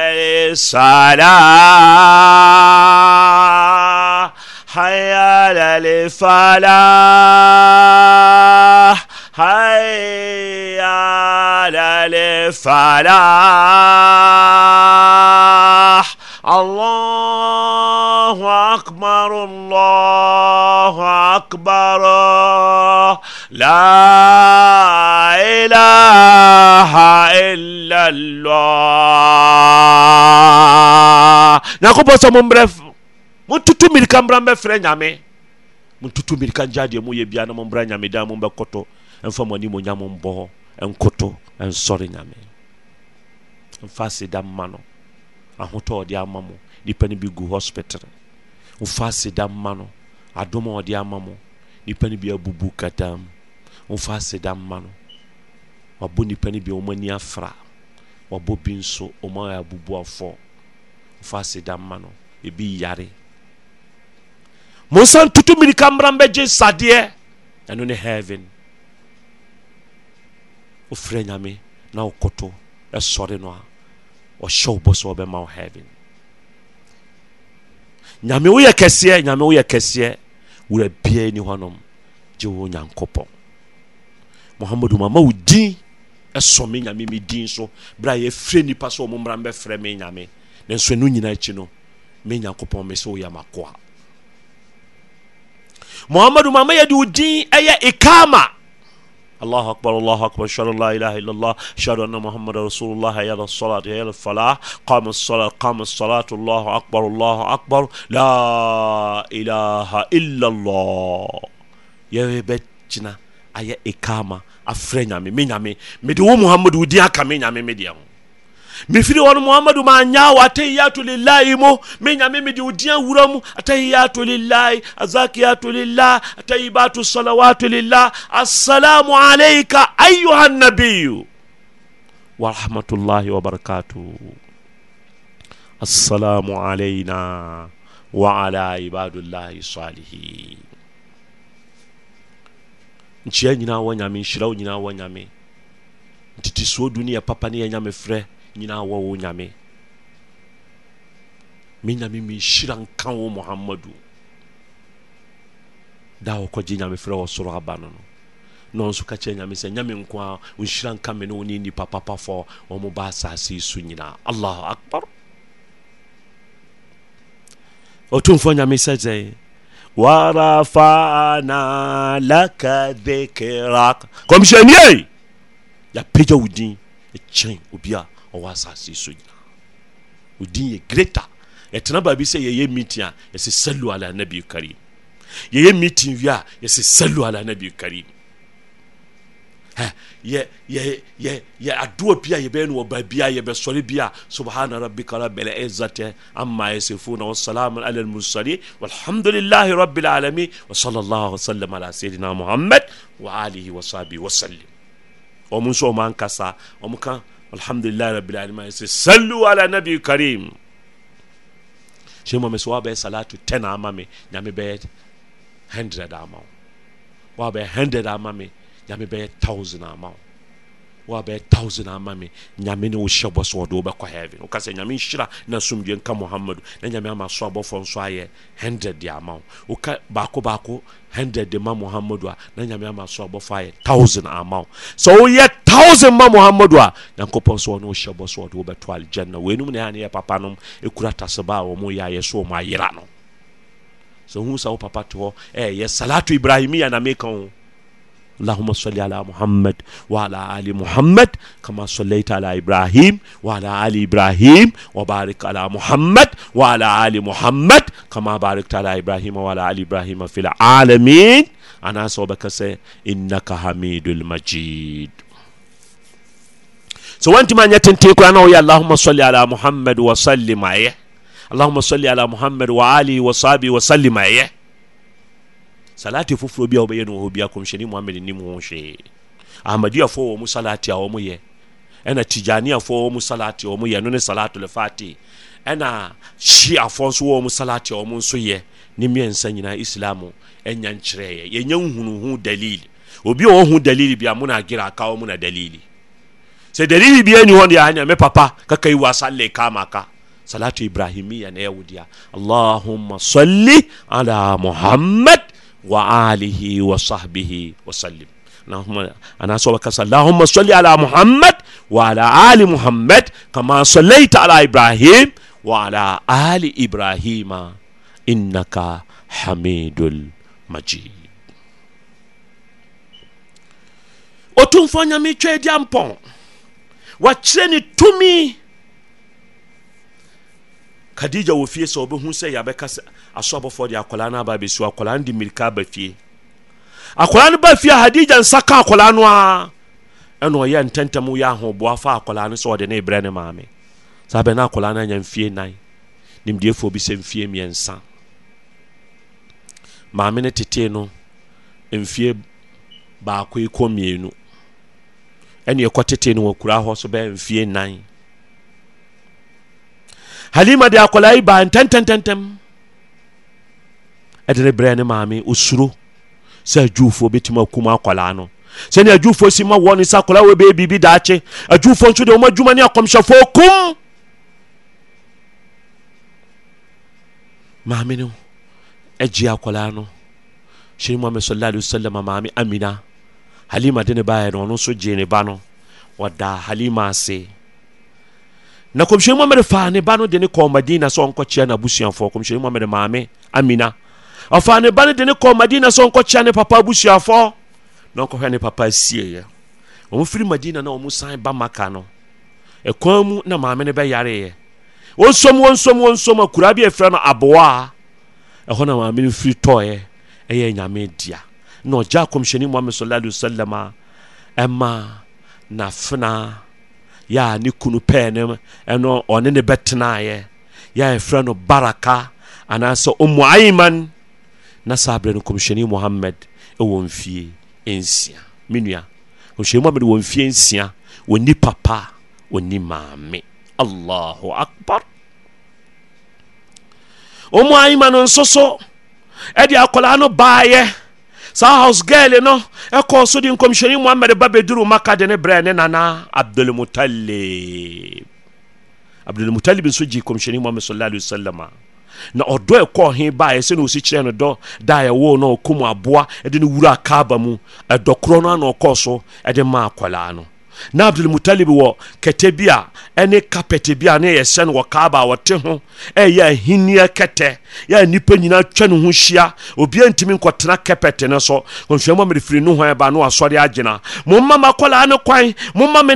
الصلاة حي على الفلاح حي على الفلاح Allahu akbar Allahu akbar la ilaha illallah nyankopɔn sɛ mombrɛ montutu mirika mbra mbɛfrɛ nyame montutu mirika ngyadeɛ moyɛ bia na mombra nyame da mombɛkoto ɛmfa mo animonyam mbɔ hɔ ɛnkoto ɛnsɔre nyame mfa ahotɔ ɔde ama mo nipa no bi gu hospital wofa aseda mma no adom a ɔde ama mo nipa no bi abubu katam wofa aseda mma no wabɔ nipa no bi wɔn ani afra wabɔ bi nso wɔn a abubu afɔ wofa aseda mma no ebi yare mo nsa ntutu mirika mmara mbɛgye nsadeɛ ɛno ne heaven wofrɛ nyame na wokɔto ɛsɔre no a ɔhyɛ wo bɔ so ɔbɛma wo heaven nyame woyɛ kɛseɛ nyame woyɛ kɛseɛ wura biaa ni hɔnom gye wo nyankopɔn mohamado mama wo din ɛsɔme nyame me din so berɛ a yɛfrɛ nnipa sɛ ɔmo mmra mbɛfrɛ me nyame nanso ɛno nyinaa akyi no me nyankopɔn me sɛ woyɛ makoa mohamado mama yɛde wo din ɛyɛ ikama الله أكبر الله أكبر أشهد أن لا إله إلا الله أشهد أن محمد رسول الله يا الصلاة يا الفلاح قام الصلاة قام الصلاة الله أكبر الله أكبر لا إله إلا الله يا بيتنا أي إكامة أفرن يامي من يامي مدي محمد ودي أكامي يامي مدي mifiri wɔn muhammadu maa nyaawo atahiyatu lillahi mo mi nyame mi di o diɛ wura mu atahiyatu lillahi azakiyatu lillahi atahibatu salawatu lillahi asalaamu alayka ayuha nabiyu wa rahmatulahi wa barakatu asalaamu alayna wa ala ibadullahi salihin nkyia nyinaa wɔ nyame nhyira wo nyinaa wɔ nyame ntitisuo duni yɛ papa ne yɛ nyame frɛ nyinaa wɔwo nyame me nyame menhyira nka wo mohammadu da wɔkɔgye nyame frɛ wɔ soro aba no no na ɔnso ka kyerɛ nyame sɛ nyame nko a nhyira nka me ne wo ne nnipa papafɔ mo ba asase yi so nyinaa allahu akbar ɔtomfoɔ nyame sɛ sɛ warafana laka dhikrak kɔmhyɛnie yɛapɛgya wo din ɛkyɛn obi a ɔwɔ asase so nyinaa odin yɛ greater yɛtena baabi sɛ yɛyɛ meeting a yɛsɛ salu ala nabi karim yɛyɛ meeting wie a yɛsɛ salu ala nabi karim yɛ adoa bi a yɛbɛyɛ no wɔ baabi a yɛbɛsɔre bi a subhana rabbika rabbil izzati amma yasifuna wa salamun ala al mursalin walhamdulillahi rabbil alamin wa sallallahu wasallam ala sayidina muhammad wa alihi wa sahbihi wa sallim ɔmo nso ɔmo ankasa ɔmo kan الحمد لله رب العالمين صلوا على النبي الكريم شي مو مسوا به صلاه 10 امامي نامي به 100 امام وا به 100 امامي نامي به 1000 امام wabɛyɛ thousand ama me nyame ne wo hyɛ bɔ so wɔde wobɛkɔ heaven woka sɛ nyame nhyira na somdwe nka mohamado na nyame ama so abɔfoɔ nso ayɛ hundred de ama wo woka baako baako hundred de ma mohamado a na nyame ama so abɔfoɔ ayɛ thousand ama wo sɛ woyɛ thousand ma mohamado a nyankopɔn sɛ wɔne wo hyɛ bɔ so wɔde wobɛto algyanna weinom na ɛa ne yɛ papa nom ɛkura taseba a wɔmo yɛ ayɛ so wɔ mo ayera no sɛ so, hu sa wo papa te hɔ ɛyɛ salato ibrahimia na meka wo اللهم صل على محمد وعلى آل محمد كما صليت على إبراهيم وعلى آل إبراهيم وبارك على محمد وعلى آل محمد كما باركت على إبراهيم وعلى آل إبراهيم في العالمين أنا صوبك إنك حميد المجيد so wantima ñattenti ko ana oya allahumma solli ala muhammad wa sallim aye allahumma solli ala muhammad wa alihi wa sahbihi wa sallim aye salati foforɔ bia a wobɛyɛ no wɔ hɔ bi akɔmhyɛne muhammad nim ho hwee ahmadiafoɔ wɔ mu salati a wɔm yɛ ɛna tijaniafoɔ wɔ mu salati a wɔm no ne salatul fati ɛna shiafoɔ nso wɔ mu salati a wɔm nso yɛ ne mmiɛnsa nyinaa islam ɛnya nkyerɛeɛ yɛnya nhunuhu dalil obi a ɔhu dalil bia mu mo na agera aka wɔ mu na dalili sɛ dalili bia ni hɔ deɛ anya me papa kaka yi wasa le kama ka salatu ibrahimiya na ɛwo allahumma salli ala muhammad وآله وصحبه وسلم اللهم أنا أسألك اللهم صل على محمد وعلى آل محمد كما صليت على إبراهيم وعلى آل إبراهيم إنك حميد المجيد ɔtumfoɔ nyame twa adi ampɔn wakyerɛ ne tumi kadija wɔ fie sɛ ɔbɛhu sɛ yɛabɛka sɛ aso abɔfoɔ de akwadaa no aba abɛsi akwadaa no de mirika aba fie akwadaa no ba fie a hadija nsa ka akwadaa no a ɛna ɔyɛ ntɛntɛm yɛ ahoboa fa akwadaa no sɛ ɔde ne brɛ ne maame saa bɛ na akwadaa no anya mfie nan nimdeefoɔ bi sɛ mfie mmiɛnsa maame no tetee no mfie baako yi mmienu ɛne ɛkɔ tetee no wɔkura hɔ so bɛyɛ mfie nan halima de akwadaa yi baa ntɛntɛntɛntɛm ɛde ne brɛ ne maame osuro sɛ adwufoɔ bɛtumi akum akɔlaa no sɛne adwufoɔ si ma wɔ ne sɛ akɔlaa wɔbɛyɛ biribi daakye adwufoɔ nso deɛ wɔma adwuma ne akɔmhyɛfoɔ kum maame no agye akɔlaa no hyɛne muhammad sallallahu alaihi wasallam maame amina halima de ne baeɛ no ɔno nso gyee ne ba no wɔdaa halima ase na kɔmhyɛni muhammad faa ne ba no de ne kɔɔ madina sɛ ɔnkɔkyea n'abusuafoɔ kɔmhyɛni muhammad maame amina ɔfaa ne ba no de ne kɔɔ madina sɛ ɔnkɔkyea ne papa abusuafoɔ na ɔnkɔhwɛ ne papa sieeɛ ɔmo firi madina na ɔmo san ba maka no ɛkwan mu na maame no bɛyareeɛ wɔnsom wɔnsom wɔnsom akuraa bi ɛfrɛ no aboa a ɛhɔ na maame no firi tɔɔeɛ ɛyɛ nyame dia na ɔgya kɔmhyɛni muhammad sallallahu alaihi wasallam a ɛma nafena yɛ a ne kunu pɛɛ ne ɛno ɔne ne bɛtenaeɛ yɛ a ɛfrɛ no baraka anaasɛ ɔmu aiman na saa berɛ no kɔmhyɛni mohammed ɛwɔ mfie nsia me nua kɔmhyɛni mohammed wɔ mfie nsia wɔni papa wɔni maame allahu akbar ɔmu ayima no nso so ɛde akwadaa no baayɛ saa house girl no ɛkɔɔ so de nkɔmhyɛni mohammed ba bɛduru maka de ne brɛ ne nana abdulmutalib abdulmutalib nso gye kɔmhyɛni Mohamed sallallahu alaihi wasallam a na ɔdɔ ɛkɔ ɔhe baeɛ na osi kyerɛ no dɔ da ɛwo na okumu aboa ɛde no wura kaaba mu ɛdɔ korɔ no ana so ɛde maa akɔlaa no na abdulmutalib wɔ kɛtɛ bi a ɛne kapɛt bi a ne yɛsɛ no wɔ kaaba a wɔte ho ɛyɛ ahenniɛ kɛtɛ yɛ nnipa nyinaa twa ne ho hyia obia ntumi nkɔtena kapɛt no so no ne agyena momma makɔlaa ne kwan momma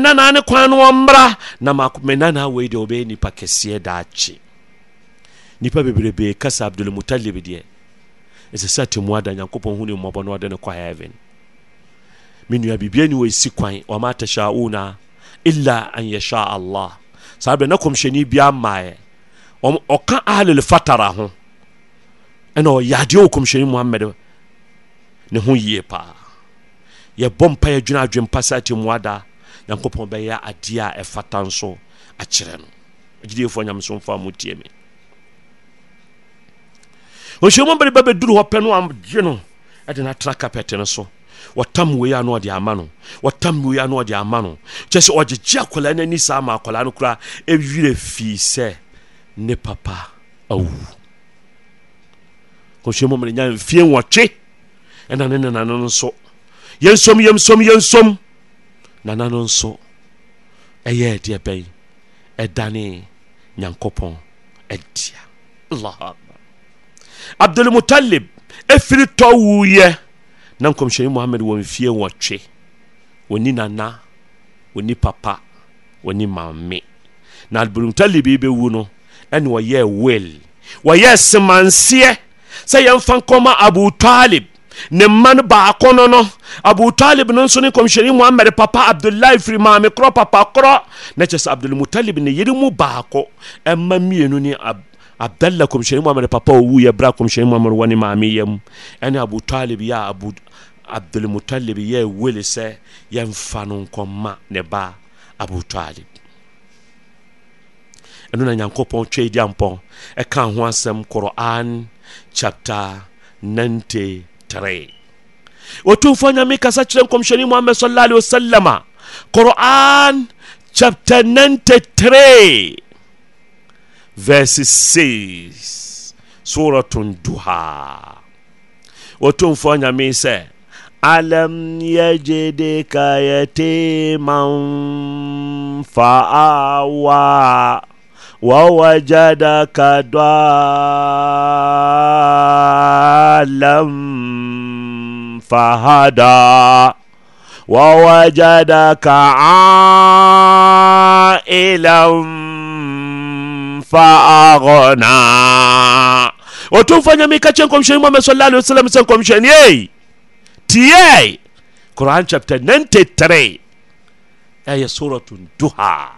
na wei deɛ wɔbɛyɛ nnipa nipa bebrebe kasa abdulmutalib deɛ ɛsɛ sɛ atemu ada nyankopɔn hu ne mmɔbɔ no ɔde no kɔ heaven minu ya biribia ni wesi kwan wa wama shauna illa an yasha allah sabe na kom sheni bia o ka ahli al fatara ho ɛna ɔyɛadeɛ kom sheni muhammed ne ho yie paa yɛbɔ mpa yɛdwene adwempa sɛ atemu ada nyankopɔn bɛyɛ adeɛ a ɛfata e nso akyerɛ no agyidiefoɔ nyamesomfa mu tie me ɔhyiamu bere ba bɛduru hɔ pɛ no agye no ɛde no atra kapɛt no so wɔtam wei a ɔde ama no wɔtam wei a ɔde ama no kyɛ sɛ ɔgyegye akwadaa no ani saa ma akwadaa no koraa ɛwerɛ fii sɛ ne papa awu ɔhyiamu mene nya mfie nwɔtwe ɛna ne nana no nso yɛnsom yɛnsom yɛnsom nana no nso ɛyɛ ɛdeɛ bɛn ɛdane nyankopɔn adia allah abdulmutalib ɛfiri tɔ wuyɛ na nkɔmhyɛni mohamad wɔ mfie wɔtwe wɔni nana wɔni papa wɔni maame na abdulmutalib yi bɛwu no ɛne wɔyɛɛ wel wɔyɛɛ semanseɛ sɛ yɛmfa nkɔma abutalib ne mma no baako no no abutalib no nso ne kɔmhyɛni mohamad papa abdullahi firi maame korɔ papa korɔ na kyɛ sɛ abdulmutalib ne yere mu baako ɛma mmienu ne ab abdallah abdalla komshani muhammad papa wu ya bra komshani muhammad wani maami yam ɛne abu talib ya abu abdulmutalib yɛ wele sɛ yɛmfa no nkɔma ne ba abu talib ɛno na nyankopɔn twɛ di ampɔn ɛka ho asɛm quran chapter 93 wɔtumfo nyame kasa kyerɛ nkɔmhyɛne muhammad sallallahu alaihi wasallama quran chapter 93 verse 6 suratun duha wɔtomfoɔ nyame sɛ alam yagidika yatiman fa'awa wawajadaka dalan fahada wawajadaka ailan faghna watumfanyamika chen komsheni muhammad sallallahu alaihi wasallam sen komsheni yei tiye quran chapter 93 aya suratu duha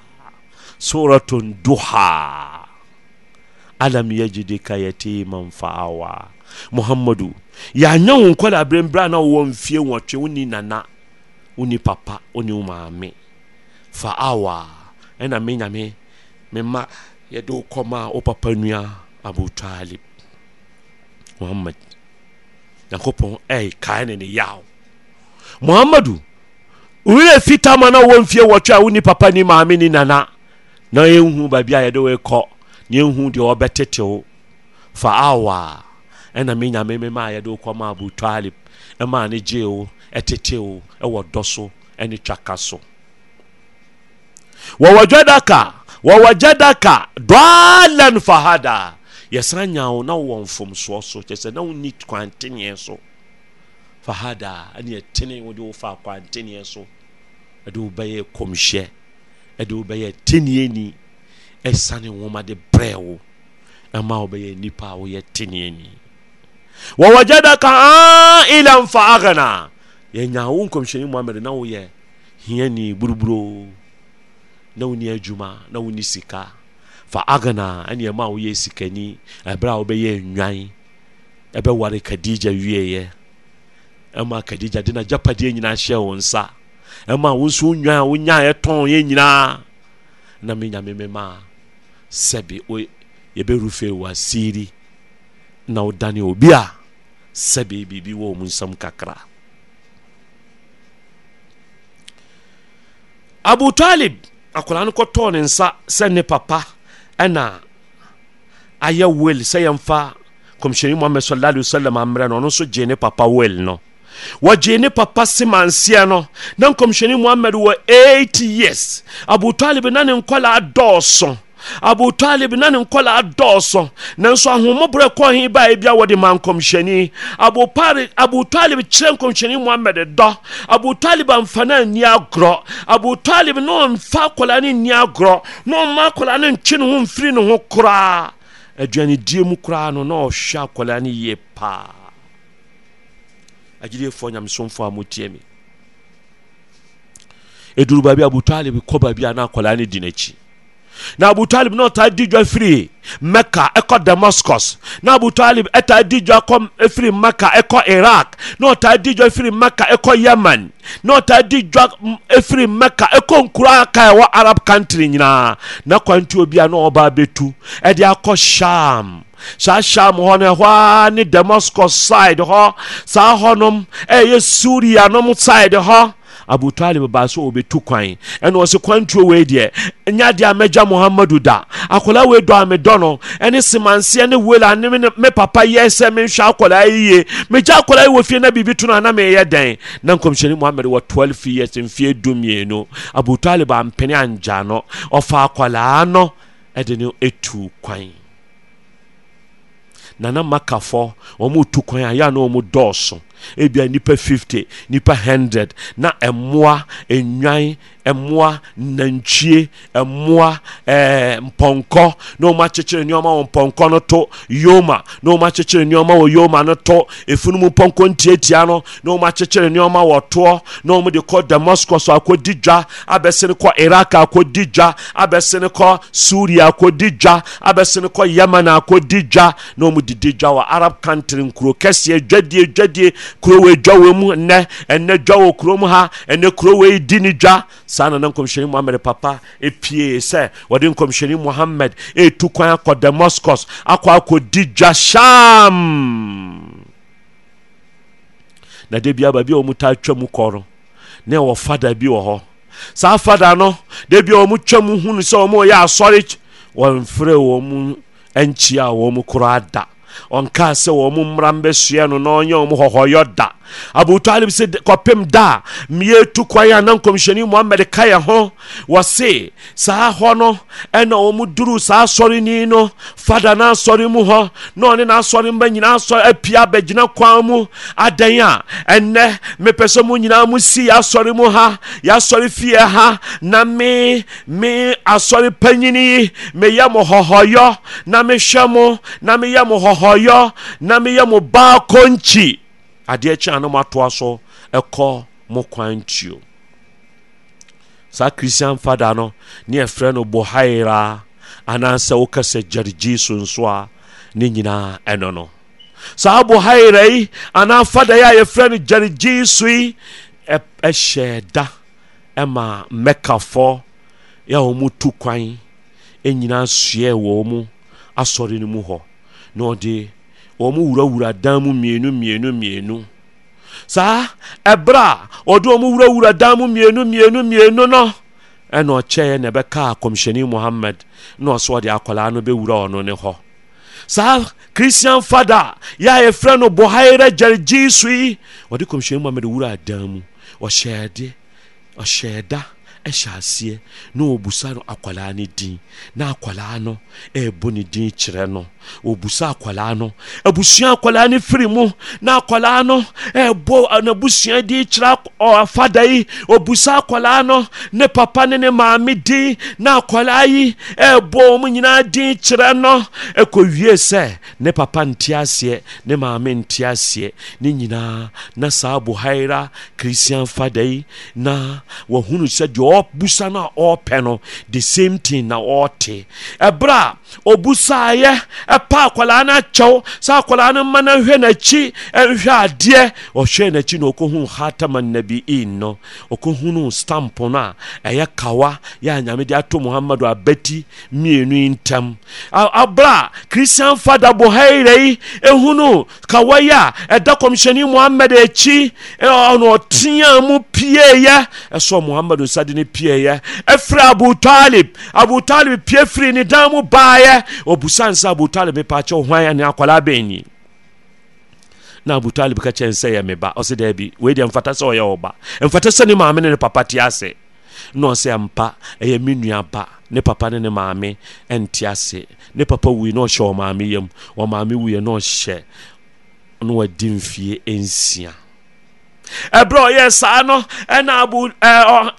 suratu duha alam yajidika yatiman faawa muhammadu yɛanyɛ wo nkɔda aberɛmbrɛ na wowɔ mfie wɔtwe wo nana wo papa wo ni wo maame fa awa ɛna me mema yɛde wo kɔma wo papa nua abutalib muhammad nyankopɔn ɛyɛ eh, kae ne ne yaw muhammadu werɛ fitama na wɔ mfie wɔtwe a wo ni papa ni maame ni nana na yɛnhu baabi a yɛde kɔ na yɛnhu deɛ wɔbɛtete wo fa awa ɛna me nyame me maa yɛde wo kɔma abutalib ɛma ne gyee wo ɛtete wo ɛwɔ dɔ so ɛne twaka so wɔwɔ dwadaka wɔwɔgyadaka dɔalan fahada yɛsra nya wo na wowɔ mfomsoɔ so kyɛ sɛ na wonni kwanteneɛ so fahada ɛne yɛtene wode wo fa kwanteneɛ so ɛde wo bɛyɛ kɔmhyɛ ɛde wo bɛyɛ teneɛni ɛsane nwoma de brɛ wo ɛma wo bɛyɛ nnipa a woyɛ teneɛni wɔwɔgyadaka ailan fa agana yɛnya wo nkɔmhyɛni muhammad na woyɛ hiani buruburo na wonni adwuma na wonni sika fa agana ɛne ɛma a woyɛ sikani ɛberɛ a wobɛyɛ nnwan ɛbɛware kadigya wieeɛ ɛma kadigya de na gyapadeɛ nyinaa hyɛ wo nsa ɛma wo nso nnwan a wonya ɛtɔn yɛ nyinaa na menyame me ma sɛbe yɛbɛrufe wɔ asiri na wodane obi a sɛbe biribi wɔ mu nsɛm kakra abu talib akwadaa no kɔtɔɔ ne nsa sɛ ne papa ɛna ayɛ wel sɛ yɛmfa kɔmhyɛni muhammad sallallahu alaihi wasallam amrɛ no ɔno nso gyee ne papa wel no wɔgyee ne papa semanseɛ no na nkɔmhyɛni muhammad wɔ 80 years abutalib na ne nkɔlaa dɔɔso abu talib na ne nkɔla dɔɔso nanso ahomaborɔ kɔhe baeɛ bia wɔde ma nkɔmhyɛni abu, abu talib kyerɛ nkɔmhyɛni muhammad dɔ abu talib amfana ni anni agorɔ abu talib ne ɔmfa akɔla no ni agorɔ na ɔmma akɔla no ntwe ne ho mfiri ne ho koraa aduanedie mu koraa no na ɔhwɛ akɔla no yie paa agyidefoɔ nyamesomfoɔ a motie me ɛduru baabi abu talib kɔ baabi a na akɔla no di n'akyi na abu talib náà ta di dwa firi mecca ɛkɔ damascus na abu talib ɛta di dwa kɔ firi mecca ɛkɔ iraq na ɔta di dwa firi mecca ɛkɔ yemen na ɔta di dwa firi mecca ɛkɔ nkura aka ɛwɔ arab country nyinaa na kwantuo bi a na ɔba abɛtu ɛde akɔ sham saa sham hɔ no ɛhɔ a ne damascus side hɔ saa hɔnom ɛyɛ syria nom side hɔ abutalib baa sɛ ɔbɛtu kwan ɛna ɔsɛ kwantuo wei deɛ ɛnyɛ adeɛ a Muhammadu da akwadaa wei dɔ a medɔ no ɛne semanseɛ ne wela ne me papa yɛ sɛ menhwɛ akwadaa yi yie megya akwadaa yi wɔ fie na biribi to no a na meyɛ dɛn na nkɔmhyɛni mohamad wɔ 12 years mfeɛ dumienu abutalib ampene angya no ɔfa akwadaa no ɛde no ɛtu kwan nana makafo wɔn tu kwan a yɛ a na wɔn dɔɔso ebia nipa 50 nipa 100 na ɛmmoa enwan ɛmmoa nantwie ɛmmoa ɛɛ eh, mpɔnkɔ na wɔn akyekyere nneɛma wɔ mpɔnkɔ no to yoma na wɔn akyekyere nneɛma wɔ yoma no to efunumu pɔnkɔ ntiatia no na wɔn akyekyere nneɛma wɔ toɔ na wɔn de kɔ damascus akɔdi dwa abɛsene kɔ iraq akɔdi dwa abɛsene kɔ suria akɔdi dwa abɛsene kɔ yemen akɔdi dwa na wɔn de di dwa wɔ arab country nkuro kɛseɛ dwadie dwadie kurowei dwa wei mu nnɛ ɛnnɛ dwa wɔ kurom ha ɛnnɛ kurowei di ne dwa saa nana nkɔmhyɛni mohamad papa ɛpiee sɛ wɔde nkɔmhyɛni mohamad ɛtu kwan akɔ damascus akɔ akɔdi dwa sham na da biaba bi a wɔ mu taa twa mu kɔ no na ɛwɔ fada bi wɔ hɔ saa fada no da bia wɔ mu twa mu hunu sɛ ɔma ɔyɛ asɔre wɔmfrɛ wɔ mu ɛnkyi a wɔ mu koraa da ɔnkaa sɛ wɔ mo mmara mbɛsua no na ɔnyɛ wɔ hɔhɔyɔ da Abu Talib sɛ kɔpem da a tu kwan a na nkɔmhyɛni mohamad ka yɛ ho wɔse saa hɔ no ɛna ɔ mu duruu saa asɔre ni no fada no asɔre mu hɔ na ɔne n'asɔre mba nyinaa asɔre apia abɛgyina kwan mu adɛn a ɛnnɛ mepɛ sɛ mo nyinaa mo si yɛasɔre mu ha yɛasɔre fie ha na me me asɔre panyini yi meyɛ mo hɔhɔyɔ na mehwɛ mo na meyɛ mo hɔhɔyɔ na meyɛ mo baa konkyi adeɛ kyɛn anam atoa so ɛkɔ mo kwan tuo saa christian fada no ne yɛfrɛ no bohaira anaasɛ woka sɛ gyarigye so nso a ne nyinaa ɛno no saa bohaira yi anaa fada yi a yɛfrɛ no gyarigye so yi ɛhyɛ da ɛma mmɛkafɔ yɛ wɔn mu tu kwan ɛnyinaa soɛ wɔ mu asɔre no mu hɔ na ɔde wɔn wurawura dan mu mmienu mmienu mmienu saa ɛbrɛ a ɔde wɔn wurawura dan mu mmienu mmienu mmienu no ɛna ɔkyɛɛ na ɛbɛka kɔmhyɛni muhammed na ɔsɔ ɔde akwadaa no bɛwura ɔno ne hɔ saa christian fada yɛ a yɛfrɛ no bɔhairɛ gyergyeeso yi ɔde kɔmhyɛni muhammed wura dan mu ɔhyɛɛ de ɔhyɛɛ da ɛhyɛ aseɛ na wɔbusa no akwalaa no din na akwalaa no ɛɛbɔ ne din kyerɛ no wɔbusa akwalaa no abusua akwalaa no firi mu na akwalaa no ɛɛbɔ n'abusua din kyerɛ afada yi wɔbusa akwalaa no ne papa ne ne maame din na akwalaa yi ɛɛbɔ wɔn nyinaa din kyerɛ no ɛkɔwie sɛ ne papa nte aseɛ ne maame nte aseɛ ne nyinaa na saa buhaira christian fada yi na wɔhunu sɛ deɛ ɔbusa no a ɔrepɛ no the same thing na ɔrete ɛberɛ a ɔbusaeɛ ɛpa akwadaa no akyɛw sɛ akwadaa no ma no nhwɛ n'akyi nhwɛ adeɛ ɔhwɛ n'akyi na ɔkɔhunu hatama nabiin no ɔkɔhunu stamp no a ɛyɛ kawa yɛ a nyame de ato Muhammadu abati mmienu yi ntam aberɛ a christian fada bohaira yi ɛhunu kawa yi a ɛda kɔmhyɛni muhammad akyi ɔno ɔtea mu pieeɛ ɛsɔ muhammado sade no ne pieeɛ ɛfiri abutalib abutalib pie firi ne dan mu baeɛ ɔbusane sɛ abutalib mepakyɛ wo hwan ne akwalaa bɛnyi na abutalib ka kyɛn sɛ yɛ me ba ɔse daa wei deɛ mfata sɛ ɔyɛ wo ba mfata sɛ ne maame ne ne papa te ase na ɔsɛ ampa ɛyɛ me nua ne papa ne ne maame ɛnte ase ne papa wui na ɔhyɛ ɔmaame yam ɔmaame wuiɛ na ɔhyɛ na wadi mfie ɛnsia ɛberɛ a ɔyɛɛ saa no ɛna abu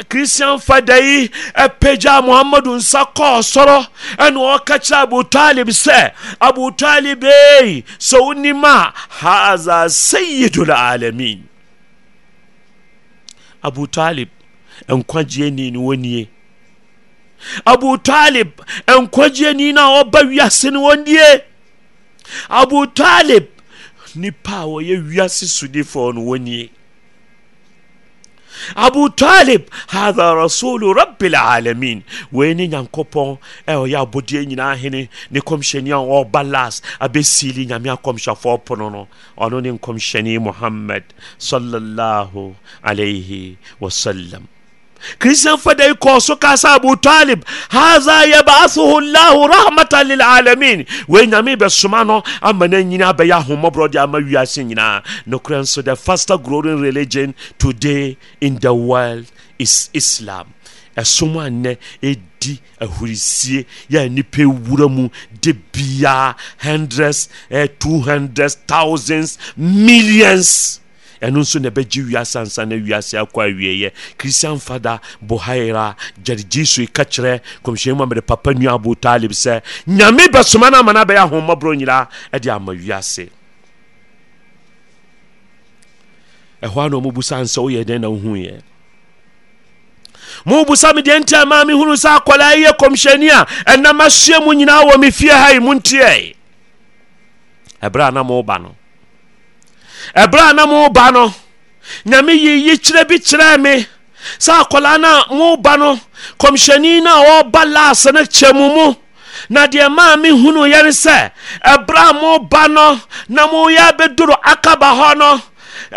christian fada yi ɛpagya muhammadu nsa kɔɔ soro ɛna ɔka kyerɛ abutalib sɛ abutalib ei sɛ wonim a haza sayidul alamin abutalib nkwagyeɛni no wɔnie abutalib nkwagyeɛni no a ɔba wiase no wɔnie abutalib nipa a wɔyɛ wiase sodifoɔ no wɔnie abu talib hatha rasulu rabbil alamin wei ne nyankopɔn ɛɔyɛ abɔdeɛ nyinaa hene ne kɔmhyɛni a ɔba las abɛsili nyame akɔmhyɛfoɔ pono no ɔno ne nkɔmhyɛni muhammad sallallahu alaihi wasallam christian fada kɔ so ka abu talib haza yɛbaathuhu llahu rahmatan lilalamin wei nyame bɛsoma no ama no nyina bɛyɛ ahommɔborɔ de ama wiase nyinaa nokorɛ nso the faster growing religion today in the world is islam ɛsom annɛ ɛdi ahurisie yɛ nnipa wura mu de biaa hundreds eh, two hundreds thousands millions ɛno nso na ɛbɛgye wiase ansa na wiase akɔ awieɛ christian fada bohaira gyade jesu ka kyerɛ kɔmhyɛni mamede papa nua abu talib sɛ nyame bɛsoma no ama no abɛyɛ ahommɔborɔ nyinaa ɛde ama wiase ɛhɔ a na ɔmubusa ansɛ woyɛ dɛn na wohuiɛ mobusa me deɛ nti ma mehunu sɛ akɔlaa yɛ kɔmhyɛni a ɛnam ahyia mu nyinaa wɔ me fie ha yi montiɛ ɛberɛ a na moba no ɛberɛ a na moba no nyame yiyi kyerɛ bi kyerɛɛ me sɛ akɔlaa no moba no kɔmhyɛni no a ɔba laase no kyɛ mu mu na deɛ maa me hunu yɛ ne sɛ ɛberɛ a moba no na moyɛ abɛduru akaba hɔ no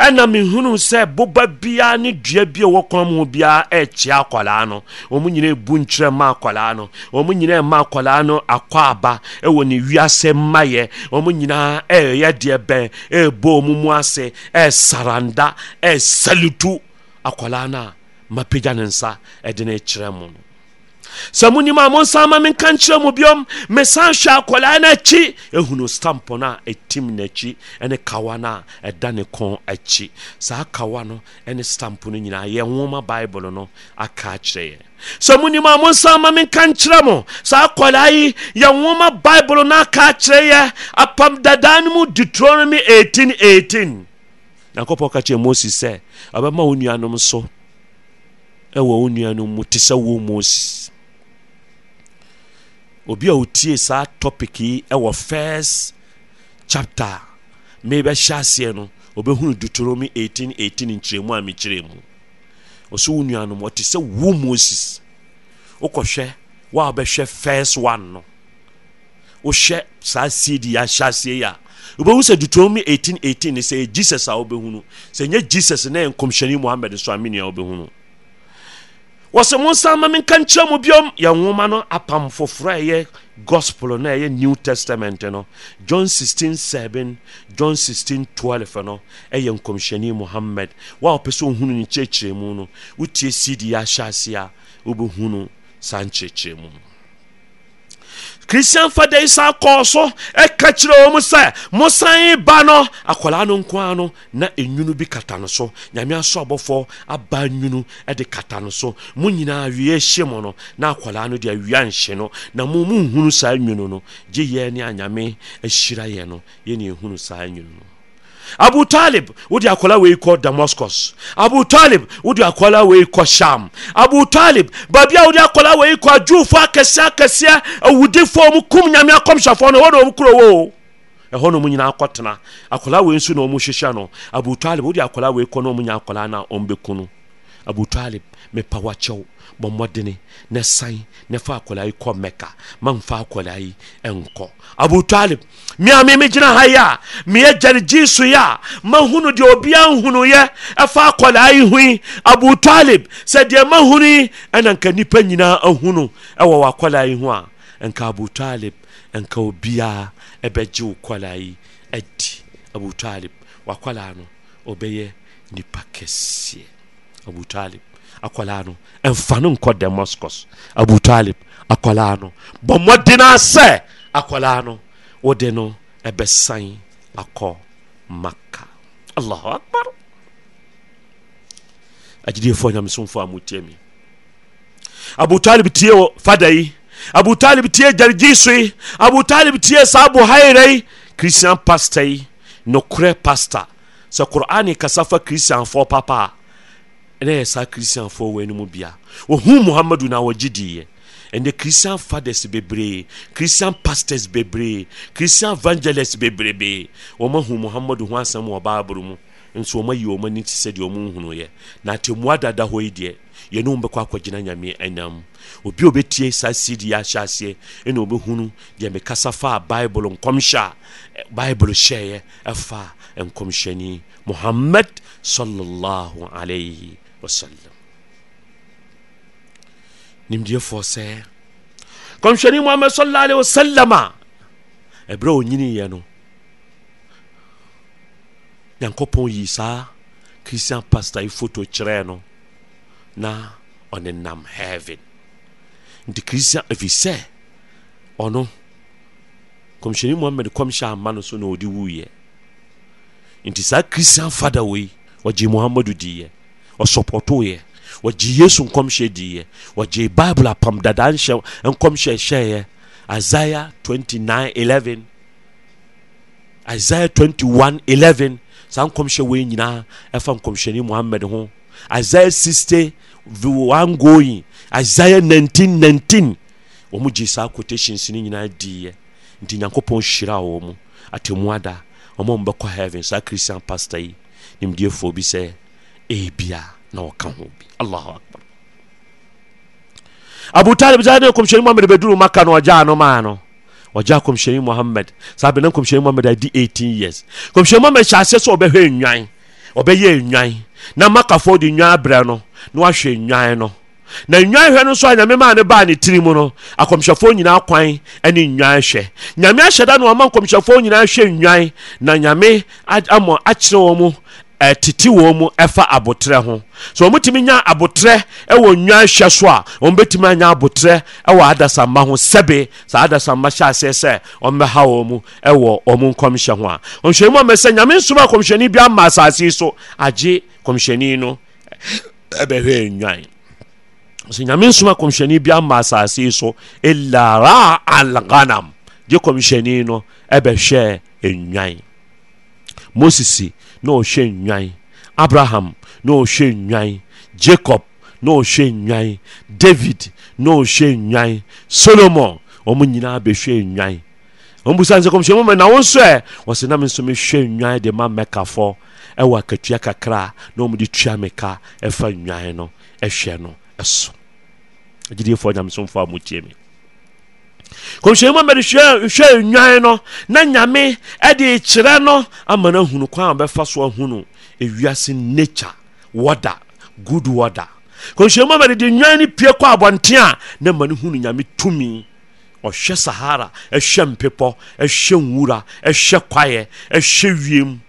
ɛna mehunu sɛ boba biara ne dua bi a ɛwɔ kwan mu biara ɛrekyea akwadaa no wɔn nyinaa ebu nkyerɛ mma akwadaa no wɔn nyinaa mma akwadaa no akɔ aba ɛwɔ ne wiase mmayɛ wɔn nyinaa ɛreyɛ deɛ bɛn ɛrebɔ wɔn mu ase ɛresaranda ɛresalutu akwadaa no a mapagya ne nsa ɛde ne kyerɛ mu no sɛ monim a monsan ma menka nkyerɛ mu biom mesan hwɛ akɔlaa no akyi ɛhunu stampo no a ɛtim n'akyi ɛne kawa no a ɛda ne kɔn akyi saa kawa no ɛne stampo no nyinaa yɛ nwoma bible no aka akyerɛ yɛ sɛ monim a monsan ma menka nkyerɛ mo saa akɔlaa yi yɛ nwoma bible no aka akyerɛ yɛ apam dadaa no mu deuteronomy 1818 nyankopɔn ka kyerɛ moses sɛ ɔbɛma wo nuanom so ɛwɔ wo nuanom mu te sɛ wo moses obi a otie saa topic yi ɛwɔ first chapter mebɛhyɛ aseɛ no obɛhunu deuteronomy 18 eighteen nkyerɛmu a mekyerɛ mu ɔsɛ wo nuanom ɔte sɛ wo moses wokɔhwɛ wo a wobɛhwɛ first one no wohwɛ saa seedi yɛahyɛ aseɛ yi a wobɛhu sɛ deuteronomy eighteen eighteen ne sɛ jesus a wobɛhunu sɛ ɛnyɛ jesus na yɛ nkɔmhyɛne mohammed nso a menea wobɛhunu wɔsɛ mo nsa ma menka nkyerɛ mu biom yɛ nwoma no apam foforɔ a ɛyɛ gospel na ɛyɛ new testament no john 16 7 john 16 12 no ɛyɛ nkɔmhyɛni mohammed wo a wɔpɛ sɛ ohunu ne kyerɛkyerɛmu no wotie sidi ahyɛ ase a wobɛhunu saa nkyerɛkyerɛmu no christian fada sa kɔɔ so ɛka kyerɛ wɔ mu sɛ mosan ba no akwadaa no nko ara no na enwunu bi kata no so nyame aso abɔfoɔ aba nwunu de kata no so mo nyinaa awia ahyia mu no na akwadaa no de awia nhyɛ no na mo mu nhunu saa nwunu no gye yɛ ne anyame ahyira yɛ no yɛ ne ehunu saa nwunu no abu talib wode akɔla wei kɔ damascus abu talib wode akɔla wei kɔ sham abu talib baabi a wode akɔla wei kɔ adwufoɔ akɛseɛ akɛseɛ awudifoɔ mu kum nyame akɔmhyɛfoɔ no ɛhɔ na ɔm kuro wo ɛhɔ nom nyinaa kɔtena akɔla wei nso na ɔm hyehyɛ no abu talib wode akɔla wei kɔ na ɔm nya akɔla na ɔmbɛku no abu talib mepa wakyɛw bɔ mmɔdene ne san ne fa akwadaa yi kɔ mɛka mamfa akwadaa yi nkɔ abu talib me a memegyina ha yi a meyɛ gyare gye so yi a mahunu deɛ obiaa nhunu yɛ ɛfa akwadaa yi ho yi abu talib sɛ deɛ mahunu yi ɛna nka nnipa nyinaa ahunu ɛwɔ wakwadaa yi ho a nka abu talib nka obiaa ɛbɛgye wo kwadaa yi adi abu talib wakwadaa no ɔbɛyɛ nipa kɛseɛ abu talib akwadaa no mfa no nkɔ damascus abu talib akwadaa no bɔ mmɔden asɛ akwadaa no wode no ɛbɛsan akɔ maka allahu akbar agyidiefoɔ nyamesomfoɔ a motie me abu talib tie fada yi abu talib tie gyarigyi so yi abu tie saa buhaira yi christian pastor yi nokorɛ pastor sɛ qur'ane kasa fa christianfoɔ papa a ɛnɛ yɛ saa christianfoɔ wɔ anim bia wɔhu muhammadu na wɔgye diiɛ ɛnɛ christian fathers bebree christian pastors bebree christian evangelists bebrebe wɔmahu muhammadu ho asɛm wɔ baaboro mu nso wɔma yi wɔn ani te sɛ deɛ wɔn nhunuiɛ na atemmua dada hɔ yi deɛ yɛne wɔn bɛkɔ akɔgyina nyame ɛnam obi a obɛtie saa sidi ahyɛ aseɛ ɛna wɔbɛhunu deɛ mekasa fa bible nkɔmhyɛ a bible hyɛeɛ ɛfa nkɔmhyɛni muhammad sallallahu alayhi wasallam nimdeɛfoɔ sɛ kɔmhyɛne muhammad sallallahu alaihi wasallam a ɛberɛ a ɔnyiniiɛ no nyankopɔn yii saa christian pastor yi foto kyerɛɛ no na ɔne nam heaven nti christian ɛfiri sɛ ɔno kɔmhyɛne muhammad kɔmhyɛ ama no so na ɔde wuiɛ nti saa christian fada wei ɔgye muhammad diiɛ ɔsupɔto yɛ wɔgye yesu nkɔmhyɛ diiɛ wɔgye bible apam dada nhyɛ nkɔmhyɛ hyɛeɛ isaia 29:11 isaia 21:11 saa nkɔmhyɛ wei nyinaa ɛfa nkɔmhyɛni muhammad ho isaia 60 one going isaiah 19:19 wɔn gye saa quotations no nyinaa diiɛ nti nyankopɔn hyira wɔ mu atemu ada wɔn heaven saa christian pastor yi nimdeefoɔ bi sɛ ebia eh, na ɔka ho bi allahu akbar abu talib zaa ne kɔmhyɛni muhammad bɛduru maka no ɔgyaa no maa no ɔgyaa kɔmhyɛni Muhammed saa bɛna kɔmhyɛni Muhammed adi 18 years kɔmhyɛni Muhammed hyɛ aseɛ sɛ ɔbɛhwɛ nnwan ɔbɛyɛ nnwan na makafo de nnwan abrɛ no na wahwɛ nnwan no na nnwan hwɛ no nso a nyame maa ne baa ne tiri mu no akɔmhyɛfoɔ nyinaa kwan ne nnwan hwɛ nyame ahyɛ da na ɔma nkɔmhyɛfoɔ nyinaa hwɛ nnwan na nyame ama akyerɛ wɔ mu ɛtete wɔ mu ɛfa aboterɛ ho sɛ ɔmotumi nya abotire ɛwɔ nnwanhwɛ so a ɔmbɛtumi anya abotire ɛwɔ adasamma ho sɛbe saa adasamma hyɛ aseɛ sɛ ɔmmɛha wɔ mu ɛwɔ ɔmo nkɔmhyɛ ho a mu nyame nsoma bi ama asase so agye kɔmhyɛni no ɛbɛhwɛ nnwan sɛ nyame nsoma kɔmhyɛni bi ama asase so gye no ɛbɛhwɛ nnwan na ɔhwɛ nnwan abraham na ɔhwɛ nnwan jacob na ɔhwɛ nnwan david na ɔhwɛ nnwan solomon wɔn nyinaa bɛhwɛ nnwan wɔn busa nsɛ kɔmhyɛn mu na wɔn nso ɛ wɔsɛ nam nso mehwɛ nnwan de ma mɛkafo ɛwɔ akatua kakra na wɔn de tua mɛka ɛfa nnwan no ɛhwɛ no ɛso agyidiefoɔ nyamesomfoɔ a mo tie mi kɔmhyɛni mu mɛde hwɛ nnwan no na nyame ɛde kyerɛ no ama no ahunu kwan a ɔbɛfa so ahunu ewiase nature wɔda good wɔda kɔmhyɛni mu mɛde de nnwan no pie kɔ abɔnten a na ma no hunu nyame tumi ɔhwɛ sahara ɛhwɛ mpepɔ ɛhwɛ nwura ɛhwɛ kwaeɛ ɛhwɛ wiem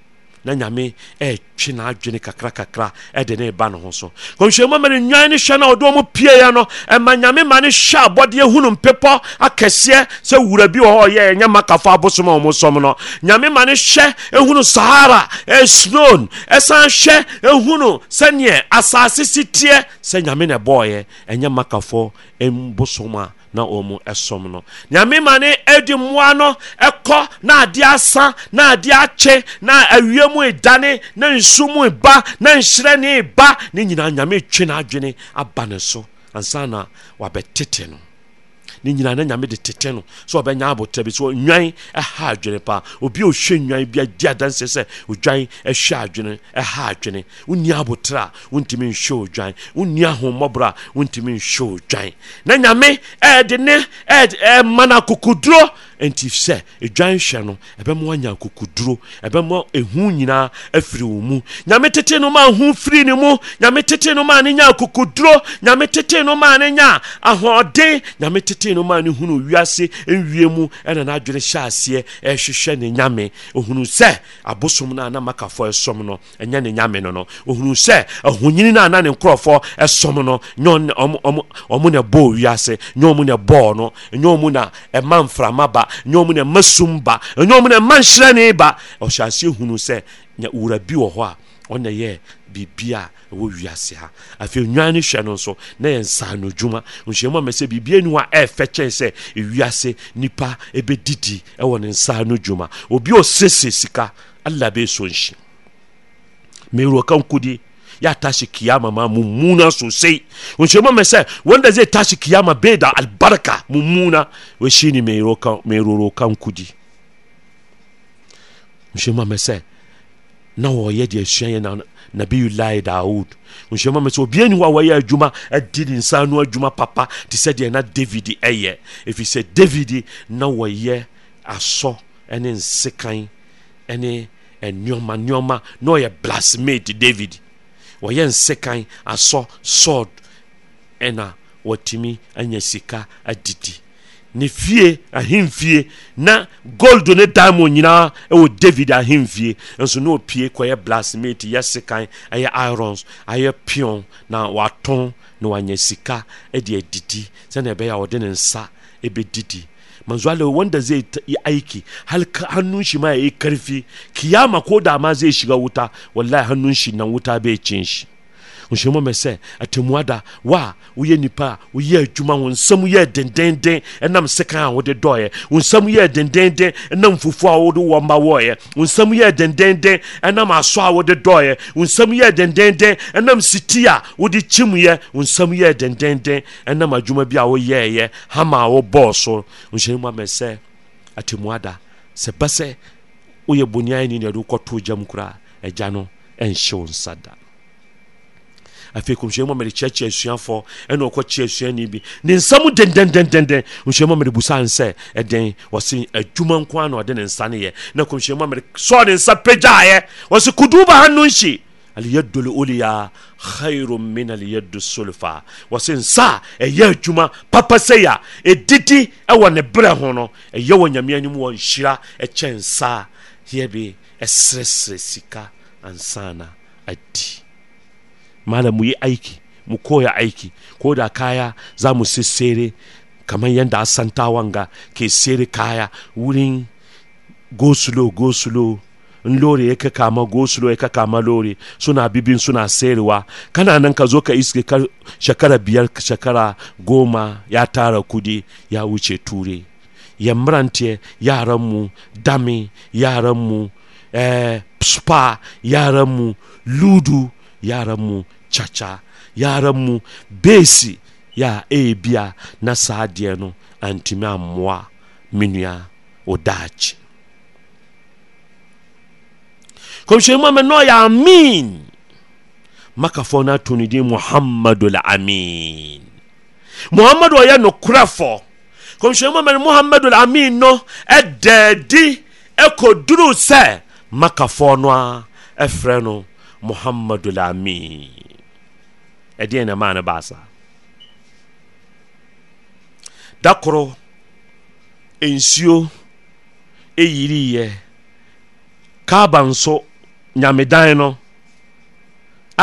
na nyame ɛtwe n'adwene kakrakakra ɛde ne ba ne ho so kɔmhyɛmu ma ne nwan ne hyɛ no a ɔde ɔmo pieɛ no ɛma nyame ma ne hyɛ abɔdeɛ hunu mpepɔ akɛseɛ sɛ wura bi wɔ hɔ ɔyɛ ɛnyɛ makafo abosom a ɔmo som no nyame ma ne hyɛ ehunu sahara eh ɛsan hyɛ ehunu sɛneɛ asase si teɛ sɛ nyame na ɛbɔɔyɛ ɛnyɛ makafo mbosom a na wɔn ɛsom no nyame ma ne edi mmoa no ɛkɔ na adeɛ asa na adeɛ akye na awie mu edane na nsu mu eba na nhyerɛ ne eba ne nyinaa nyame twe n'adwene aba ne so ansa na wabɛtete no ne nyinaa na nyame de tete no sɛ ɔbɛnya abotrɛ bi sɛ nnwan ɛha adwene paa obi a ɔhwɛ nnwan bi adi adanse sɛ odwan ɛhwɛ adwene ɛha adwene wonni abotrɛ a wontumi nhwɛ odwan wonni ahommɔborɔ a wontumi nhwɛ odwan na nyame ɛɛde ne ɛɛma no akokoduro nti sɛ edwan hwɛ no ɛbɛma wanya akokoduro ɛbɛma ehu nyinaa afiri wɔn mu nyame tete no maa ho firi ne mu nyame tete no maa ne nya akokoduro nyame tete no maa ne nya ahoɔden nyame tete ɔtee no maa no hunu wiase nwie mu ɛna n'adwene hyɛ aseɛ ɛhwehwɛ ne nyame ohunu sɛ abosom na ana na makafo ɛsom no ɛnyɛ ne nyame no no ohunu sɛ ahonyini no a na ne nkurɔfoɔ ɛsom no nyɛ ɔmo na ɛbɔɔ wiase nyɛ ɔmo na ɛbɔɔ no nyɛ ɔmo na ɛma mframa ba nyɛ ɔmo na ɛma sum ba nyɛ ɔmo na ɛma nhyerɛne ba ɔhyɛ aseɛ hunu sɛ wura bi wɔ hɔ a ɔna yɛ biribi a ɛwɔ wiase ha afei nnwan no hwɛ no nso na yɛ nsaa no dwuma nhyiamu a mɛ sɛ biribi anu a ɛɛfɛ kyɛn sɛ ewiase nipa ɛbɛdidi ɛwɔ ne nsaa no dwuma obi a ɔsese sika ala bɛ so nhyi mewuro kan kudi ya tashi kiyama ma mummuna sosai wunshe ma mai wanda zai tashi kiyama bai da albarka mummuna wai shine mai rorokan kudi wunshe ma mai na wɔyɛ deɛ asua yɛ na nabiyulahi daud nhyɛma mɛ sɛ obiani wa wɔyɛ adwuma adi ne nsa no adwuma papa te sɛ deɛ na david ɛyɛ ɛfiri sɛ david na wɔyɛ asɔ ne nsekan ne nneɔma nneɔma na ɔyɛ blasmate david wɔyɛ nsekan asɔ sword ɛna wɔtumi anya sika adidi ne fie ahemfie na gold ne diamond nyinaa ɛwɔ david ahemfie nso ne opie kɔyɛ blasmate yɛ sekan ɛyɛ irons ayɛ pion na watɔn na wanya sika ɛde adidi sɛne ɛbɛyɛ a wɔde ne nsa ɛbɛdidi manzo wanda zai yi aiki hannun shi ma ya yi karfi kiyama ko da ma zai shiga wuta wallahi hannun shi nan wuta bai cin nhyiamu mɛ sɛ atemmuada wa a woyɛ nipa a woyɛ adwuma wo nsɛm yɛ dendenden ɛnam sekan a wode dɔɔyɛ wo nsɛm yɛ dendenden ɛnam fufuo a wode wɔ mma wɔɔyɛ wo nsɛm yɛ dendenden ɛnam asɔ a wode dɔɔyɛ wo nsɛm yɛ dendenden ɛnam siti a wode kyimyɛ wo nsɛm yɛ dendenden ɛnam adwuma bi a woyɛɛyɛ hama a wobɔɔ so nhyiamu amɛ sɛ atemmuada sɛ bɛ sɛ woyɛ bonyani ne ɛde wokɔtoo gyam koraa agya no ɛnhyew nsa da afei kɔmhyɛni muhammed kyerɛkyerɛ asuafoɔ ɛna ɔkɔkyerɛ asuani bi ne nsɛm dendendendenden kɔmhyɛni muhammed busaa nsɛ ɛden wɔse adwuma nko a na ɔde ne nsa no yɛ na kɔmhyɛni muhammed sɔɔ ne nsa pagyaeɛ wɔse kuduba ha no nhyi aliyadu oliya khairu min aliyadu sulfa wɔse nsa a ɛyɛ adwuma papa sɛ a ɛdidi ɛwɔ ne berɛ ho no ɛyɛ wɔ nyame anim wɔ nhyira ɛkyɛ nsa yɛ bi ɛserɛserɛ sika ansana adi malam mu yi aiki mu koya aiki ko da kaya za mu sissere kamar yadda ga ke sere kaya wurin gosulo gosulo in lori ya ka kama gosulo ya ka kama lori suna bibin suna sayarwa kana nan ka zo ka iske shekara biyar shekara goma ya tara kudi ya wuce ture yamrante yaranmu dami yaranmu eh, spa yaranmu ludu yaranmu kyakya yɛara mu beesi yɛ a ɛyɛ na saa deɛ no antumi ammoa me nua wo daakye kɔmhyɛni mu amɛ ɔyɛ amin makafoɔ no ato no din muhammadu lamin muhammadu ɔyɛ nokorɛfɔ kɔmhyɛni mu amɛ no muhammadu lamin no ɛdaadi ɛkɔduruu sɛ makafoɔ no a ɛfrɛ no muhammadu lamin ɛdeɛ na maa no baasa da koro nsuo ɛyiriyɛ kaaba nso nyamedan no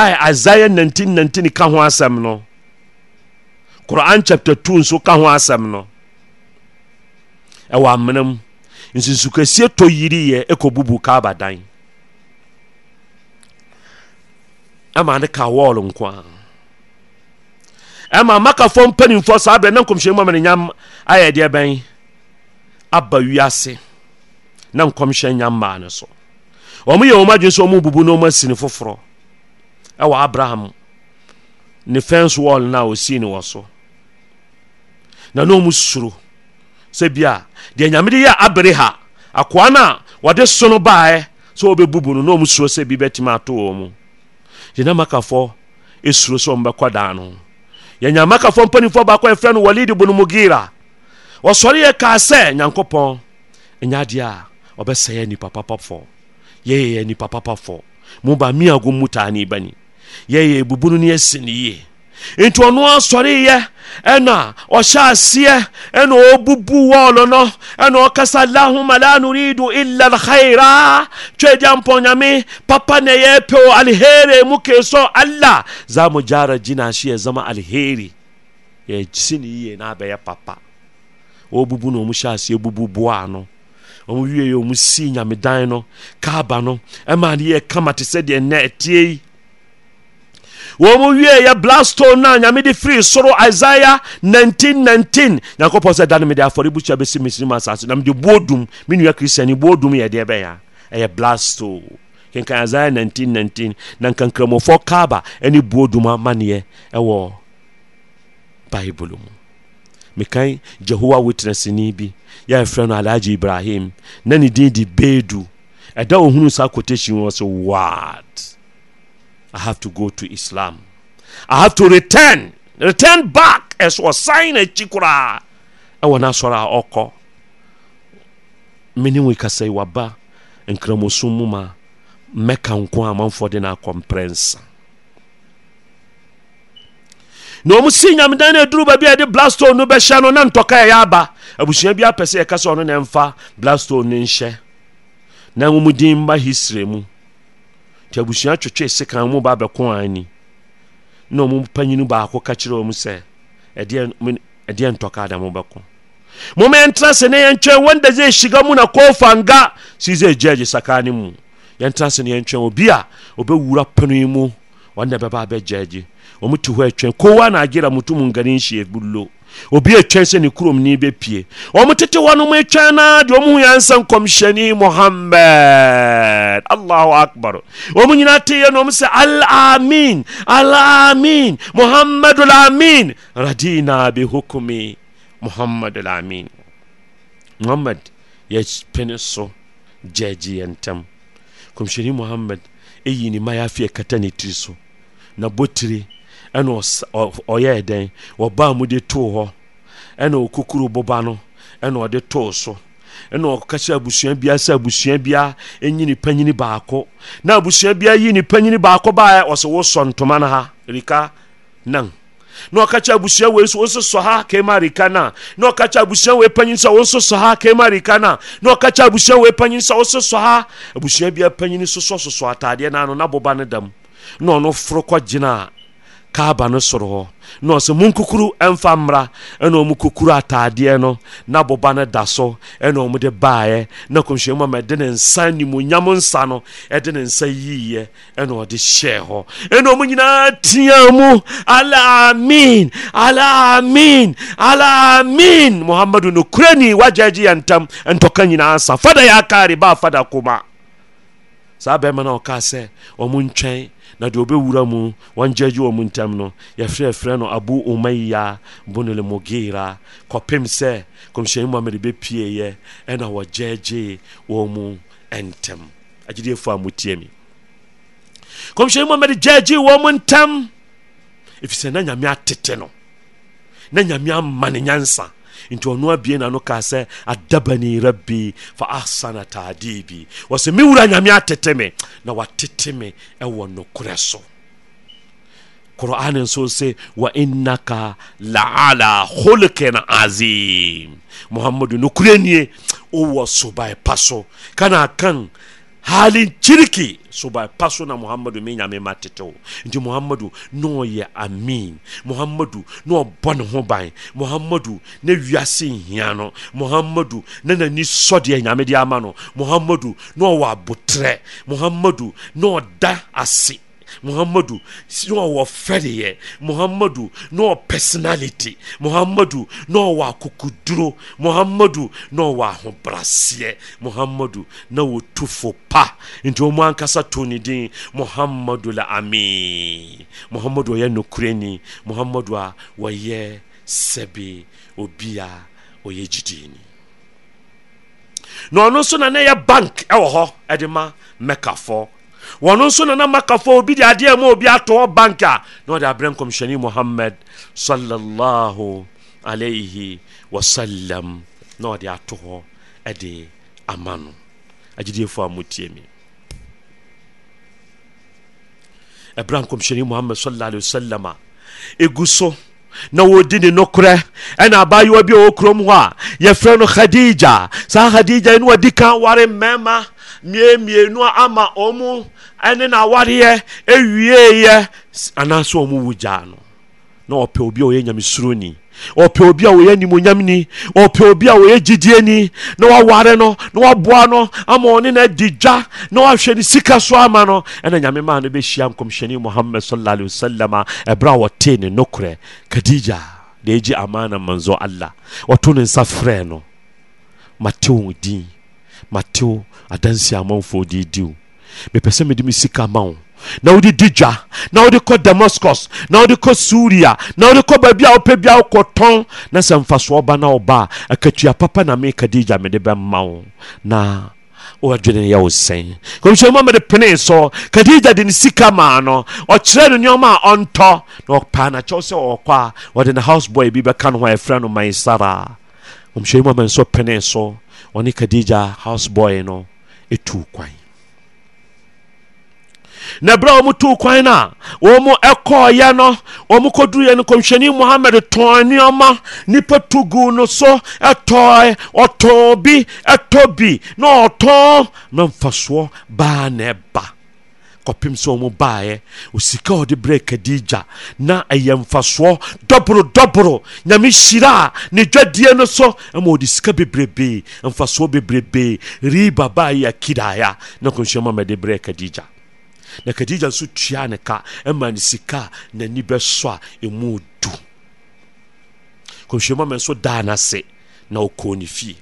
a isaiah 1919 ka ho asɛm no quran chapter 2 nso ka ho asɛm no ɛwɔ amena mu nsunsukɛsie tɔ yiriyɛ ɛkɔbubu kaaba dan ama ne ka wɔɔlo nko a ɛma makafoɔ mpanimfoɔ saa berɛ na nkɔmhyɛni muhammad nyam ayɛ deɛ bɛn aba wiase na nkɔmhyɛ nyam maa ne so wɔn yɛ wɔn adwene sɛ wɔn bubu na wɔn asi ne foforɔ ɛwɔ abraham ne fence wall na osii ne wɔ so na na wɔn suro sɛ bia deɛ nyame de yɛ abreha akoa no a wɔde so no baeɛ sɛ wɔbɛbubu no na wɔn suro sɛ bi bɛtumi ato wɔn mu gyina makafoɔ esuro sɛ wɔn bɛkɔ dan no ho yɛnyamakafo mpanimfoɔ baakɔ yɛfrɛ no walid bunu mugira wɔsɔre yɛ kaa sɛ nyankopɔn ɛnyɛ adeɛ a ɔbɛsɛeɛ nipa papafɔ yɛyɛyɛ nipa papafɔ mu ba miago mu taa ne bani yɛyɛ bubunu no yɛsi ne yie nti ɔno asɔreyɛ ɛna ɔhyɛ aseɛ ɛna ɔbubu wɔɔlo no ɛna ɔkasa lahuma la nuridu illa alkhaira twɛdi ampɔ nyame papa na ɛyɛ pɛo alheri mu ke so alla za mu gyara gyina ahye yɛ zama alheri yɛsi ne yie na abɛyɛ papa ɔbubu na ɔmu hyɛ aseɛ bubu boa no ɔmu wie yɛ ɔmu sii nyamedan no kaaba no ɛma ne yɛ kama te sɛ deɛ nnɛ ɛtie yi wɔn wie yɛ blasto na nyame de firi soro isaia nineteen nyankopɔn sɛ da no mede afɔre busua bɛsi misiri mu asase na mede buo dum me nua kristiani buo dum yɛ deɛ bɛyɛ ɛyɛ blasto kenkan isaia 1919 na nkankramɔfoɔ kaaba ne buo dum amanneɛ ɛwɔ bible mu mekan jehowa witness ni bi yɛfrɛ no alhaji ibrahim na ne din di bedu ɛda ohunu saa quotation wɔ sɛ what I have to go to Islam. I have to return, return back as was sign a chikura. ɛwɔ n'asɔre a ɔkɔ mene wei kasɛi waba nkramosom mu Meka mɛka nko a manfoɔ de no akɔmprɛnsa na ɔm sii nyamedan no aduru baabi a yɛde blastone no bɛhyɛ no na ntɔka ɛyɛ aba abusua bi apɛ sɛ yɛka sɛ ɔno na ɛmfa blastone no nhyɛ na womudin mba history mu nti abusua twetwe sekan mu ba abɛko ani na ɔmo panyini baako ka kyerɛ ɔmo sɛ ɛdeɛ ntɔka da mo bɛko moma yɛntena sɛ ne yɛntwɛn wanda zai shiga mu na kofanga si zai gyagye sakane mu yɛntena sɛ ne yɛntwɛn obi a ɔbɛwura pano yi mu wanda bɛba abɛgyagye ɔmo te hɔ atwɛn kowa na agyera mutum ngane nhyia bullo obi atwɛn sɛ ne ni bɛpie ɔmotete hɔ no m na de deɛ ɔmo yɛ ansa nkɔmhyɛni mohammad allahu akbar ɔmo nyinaa teyɛ no ɔm sɛ alamin alamin mohammad alamin radina hukumi mohammad alamin mohammad pene so gyagye yɛ ntam kɔmhyɛni mohammad ɛyi ne ma kata ɛkata ne tiri so na botire ɛna ɔyɛɛ dɛn ɔbaa mu de too hɔ ɛna ɔkukuru boba no ɛna ɔde too so ɛna ɔka kyerɛ abusua biara sɛ abusua biara ɛnyi nipa nyini baako na abusua biara yi nipa nyini baako baɛ ɔsɛ wosɔ ntoma no ha rika nan na ɔka kyerɛ abusua wei so wonso sɔ ha kɛma rika na na ɔka kyerɛ abusua wei panyin sɛ wonso sɔ ha kɛma rika na na ɔka kyerɛ abusua wei panyin sɛ wonso sɔ ha abusua biara panyin sosɔ sosɔ ataadeɛ na ano na boba no dam na ɔno foro gyina kaaba no soro hɔ na ɔsɛ mu nkukuru ɛmfa mmra ɛna ɔmu kukuru ataadeɛ no na boba no da so ɛna ɔmu de baeɛ na kɔmhyɛn mu ama ɛde ne nsa nimonyam nsa no ɛde ne nsa yiiɛ ɛna ɔde hyɛɛ hɔ ɛna ɔmu nyinaa tia mu alaamin alaamin alaamin muhammadu no kurani wagyagye yɛ ntam ntɔka nyinaa sa fada yɛ akaare ba fada koma saa bɛrima no ɔkaa sɛ ɔmo ntwɛn na deɛ ɔbɛwura mu wɔngyagye wɔ mu ntam no yɛfrɛfrɛ no abu umaiya bunel mugira kɔpem sɛ kɔmhyɛni mohamad bɛpieeɛ ɛna wɔgyɛgyee wɔ mu ɛntɛm agyediefoɔ a motie mi kɔmhyɛni mohamad gyɛgyee wɔ mu ntam ɛfiri sɛ na nyame atete no na nyame ama ne nyansa nti ɔno abie na no kaa sɛ adabani rabbi fa ahsana taadibi wɔ sɛ me wura nyame atete me na watete me ɛwɔ nokorɛ so qur'ane nso se wa innaka la'ala khuluqin azim muhammadu nokure nie owɔ sobae pa so kana kan halin kirki soba pa so na muhammadu me nyame ma tetew nti muhammadu na ɔyɛ amin muhammadu na ɔbɔ ne ho ban muhammadu na wiase nhia no muhammadu na n'ani sɔdeɛ nyame de ama no muhammadu na ɔwɔ abotrɛ muhammadu na ɔda ase muhammadu na ɔwɔ fɛreyɛ muhammadu na ɔwɔ personality muhammadu na ɔwɔ akokoduro muhammadu na ɔwɔ ahobraseɛ muhammadu na wɔtu fo pa nti ɔmu ankasa to ne din muhammadu la amin muhammadu ɔyɛ nokorɛni muhammadu a wɔyɛ sɛbe obi a ɔyɛ gyidini na ɔno nso na na ɛyɛ bank ɛwɔ hɔ ɛde ma mɛkafɔ wɔno nso nana makafoɔ obi di adeɛ ma obi ato bank a na ɔde abrɛ nkɔmhyɛne muhammad sallallahu alaihi wasallam na ɔde ato hɔ ɛde ama no agyidiefoɔ a motie me ɛberɛ nkɔmhyɛne muhammad sallallahu alaihi wasallam a ɛgu so na wodi ne nokorɛ ɛna abaayewa bi a wɔ kurom hɔ a yɛfrɛ no khadija saa khadija no wadi ka ware mmarima mmie mmienu ama ɔmo ɛne n'awareɛ ewieeɛ anaasɛ ɔmo wu gyaa no na ɔpɛ obi a ɔyɛ nyamesuroni ɔpɛ obi a wɔyɛ nimonyamni ɔpɛ obi a wɔyɛ gyidieni na waware no na waboa no ama ɔne no adi dwa na wahwɛ no sika so ama no ɛna nyame maa no bɛhyia nkɔmhyɛne mohamad sala alei wasalam a ɛberɛ a wɔtee ne nokorɛ kadija da ɛgye amana manzo allah wɔto ne nsa frɛ no mate din mateo adansi amanfo de di o mepɛ sɛ mede me sika ma wo na wode di dwa na wode kɔ damascus na wode kɔ suria na wode kɔ baabi a wopɛ bia wokɔtɔn na sɛ mfasoɔ ba na woba a akatua papa na meka di gya mede bɛma wo na wɔadwene yɛ wo sɛn kɔmhyɛ mu mede penee so kadigya de ne sika maa no ɔkyerɛ no nneɔma a ɔntɔ na ɔpaa nakyɛw sɛ ɔɔkɔ a wɔde ne house boy bi bɛka no ho a ɛfrɛ no maesara kɔmhyɛ mu ama nso penee so ɔne kadija house boy no ɛtuu kwan na berɛ a ɔmo tuu kwan no a ɔmo ɛkɔɔyɛ no ɔmo kɔduruiɛ no kɔmhyɛni mohammed tɔn nneɔma nipa tu gu no so ɛtɔe ɔtɔn bi ɛtɔ bi na ɔtɔn na mfasoɔ baa na ɛba kɔpem sɛ ɔmo baeɛ osika ɔde berɛ kadija na ɛyɛ mfasoɔ dɔboro dɔboro nyame hyira a ne dwadie no so ɛma ɔde sika bebrebee mfasoɔ bebrebee riba baayɛ akidaya na kɔnhyiama mɛde berɛ kadija na kadija nso tua ne ka ɛma ne sika a n'ani bɛsɔ a ɛmu du kɔnhyiama mɛ nso daa n'ase na ɔkɔɔ ne fie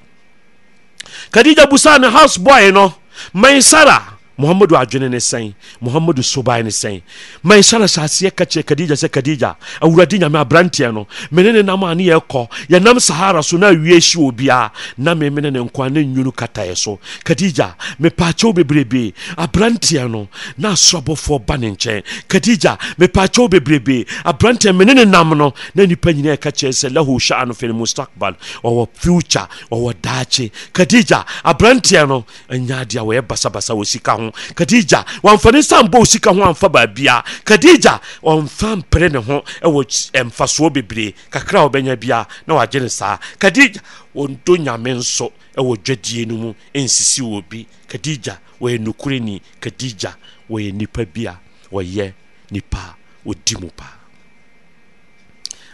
kadija busaa ne house boy no mansara muhammadu adwene ne sɛn muhammadu sobae ne sɛn ma nsala saaseɛ ka kyerɛ kadija sɛ kadija awurade nyame aberanteɛ no mene ne nam a ne yɛkɔ yɛnam sahara so na awie hyi wɔ biaa na me mene ne nkoa ne nwunu kataeɛ so kadija mepaakyɛw bebrebe aberanteɛ no na asorɔbɔfoɔ ba ne nkyɛn kadija mepaakyɛw bebrebe aberanteɛ mene ne nam no na nnipa nyinaa ɛka kyerɛ sɛ lahu sha'an fi lmustakbal ɔwɔ future ɔwɔ daakye kadija aberanteɛ no ɛnyaadeɛ a wɔyɛ basabasa wɔ sika ho ho kadija wamfa ne nsambo o sika ho amfa baabia kadija ɔmfa mpere ne ho ɛwɔ mfasoɔ bebree kakra a wɔbɛnya bia na wagye ne saa kadija wɔntɔ nyame nso ɛwɔ dwadie no mu ɛnsisi wɔ bi kadija wɔyɛ nokore ni kadija wɔyɛ nipa bi a wɔyɛ nipa ɔdi mu paa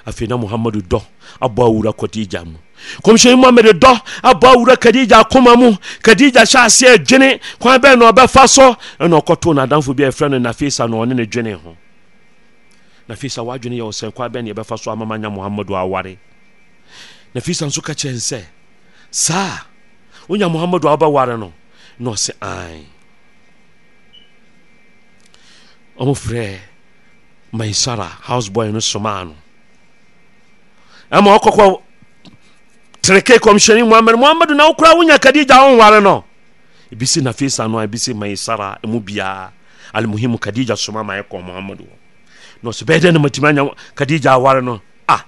afei na muhammadu dɔ abɔ awura kadija mu kɔmhyɛni muhammed dɔ abɔ awura kadija akoma mu kadija hyɛ aseɛ adwene kwan bɛɛ na ɔbɛfa so ɛna ɔkɔtoo n'adamfo bi a ɛfrɛ no nafisa na ɔne ne dwene ho nafisa wadwene yɛ ɔsɛn kwan bɛɛ na yɛbɛfa so amama nya muhammadu aware nafisa nso ka kyerɛ sɛ saa wonya muhammadu a wobɛware no na ɔsɛ an ɔmo frɛ maisara houseboy no somaa no ɛma ɔkɔkɔ terekee kɔmhyɛne muhammad muhammad na wokora wonya kadija wonware no ebisi nafisa no a ebisi maisara ɛmu biaa almuhimu kadija soma ma ɛkɔ muhammad hɔ na ɔsɛ bɛɛ dɛ no matumi anya kadija aware no ah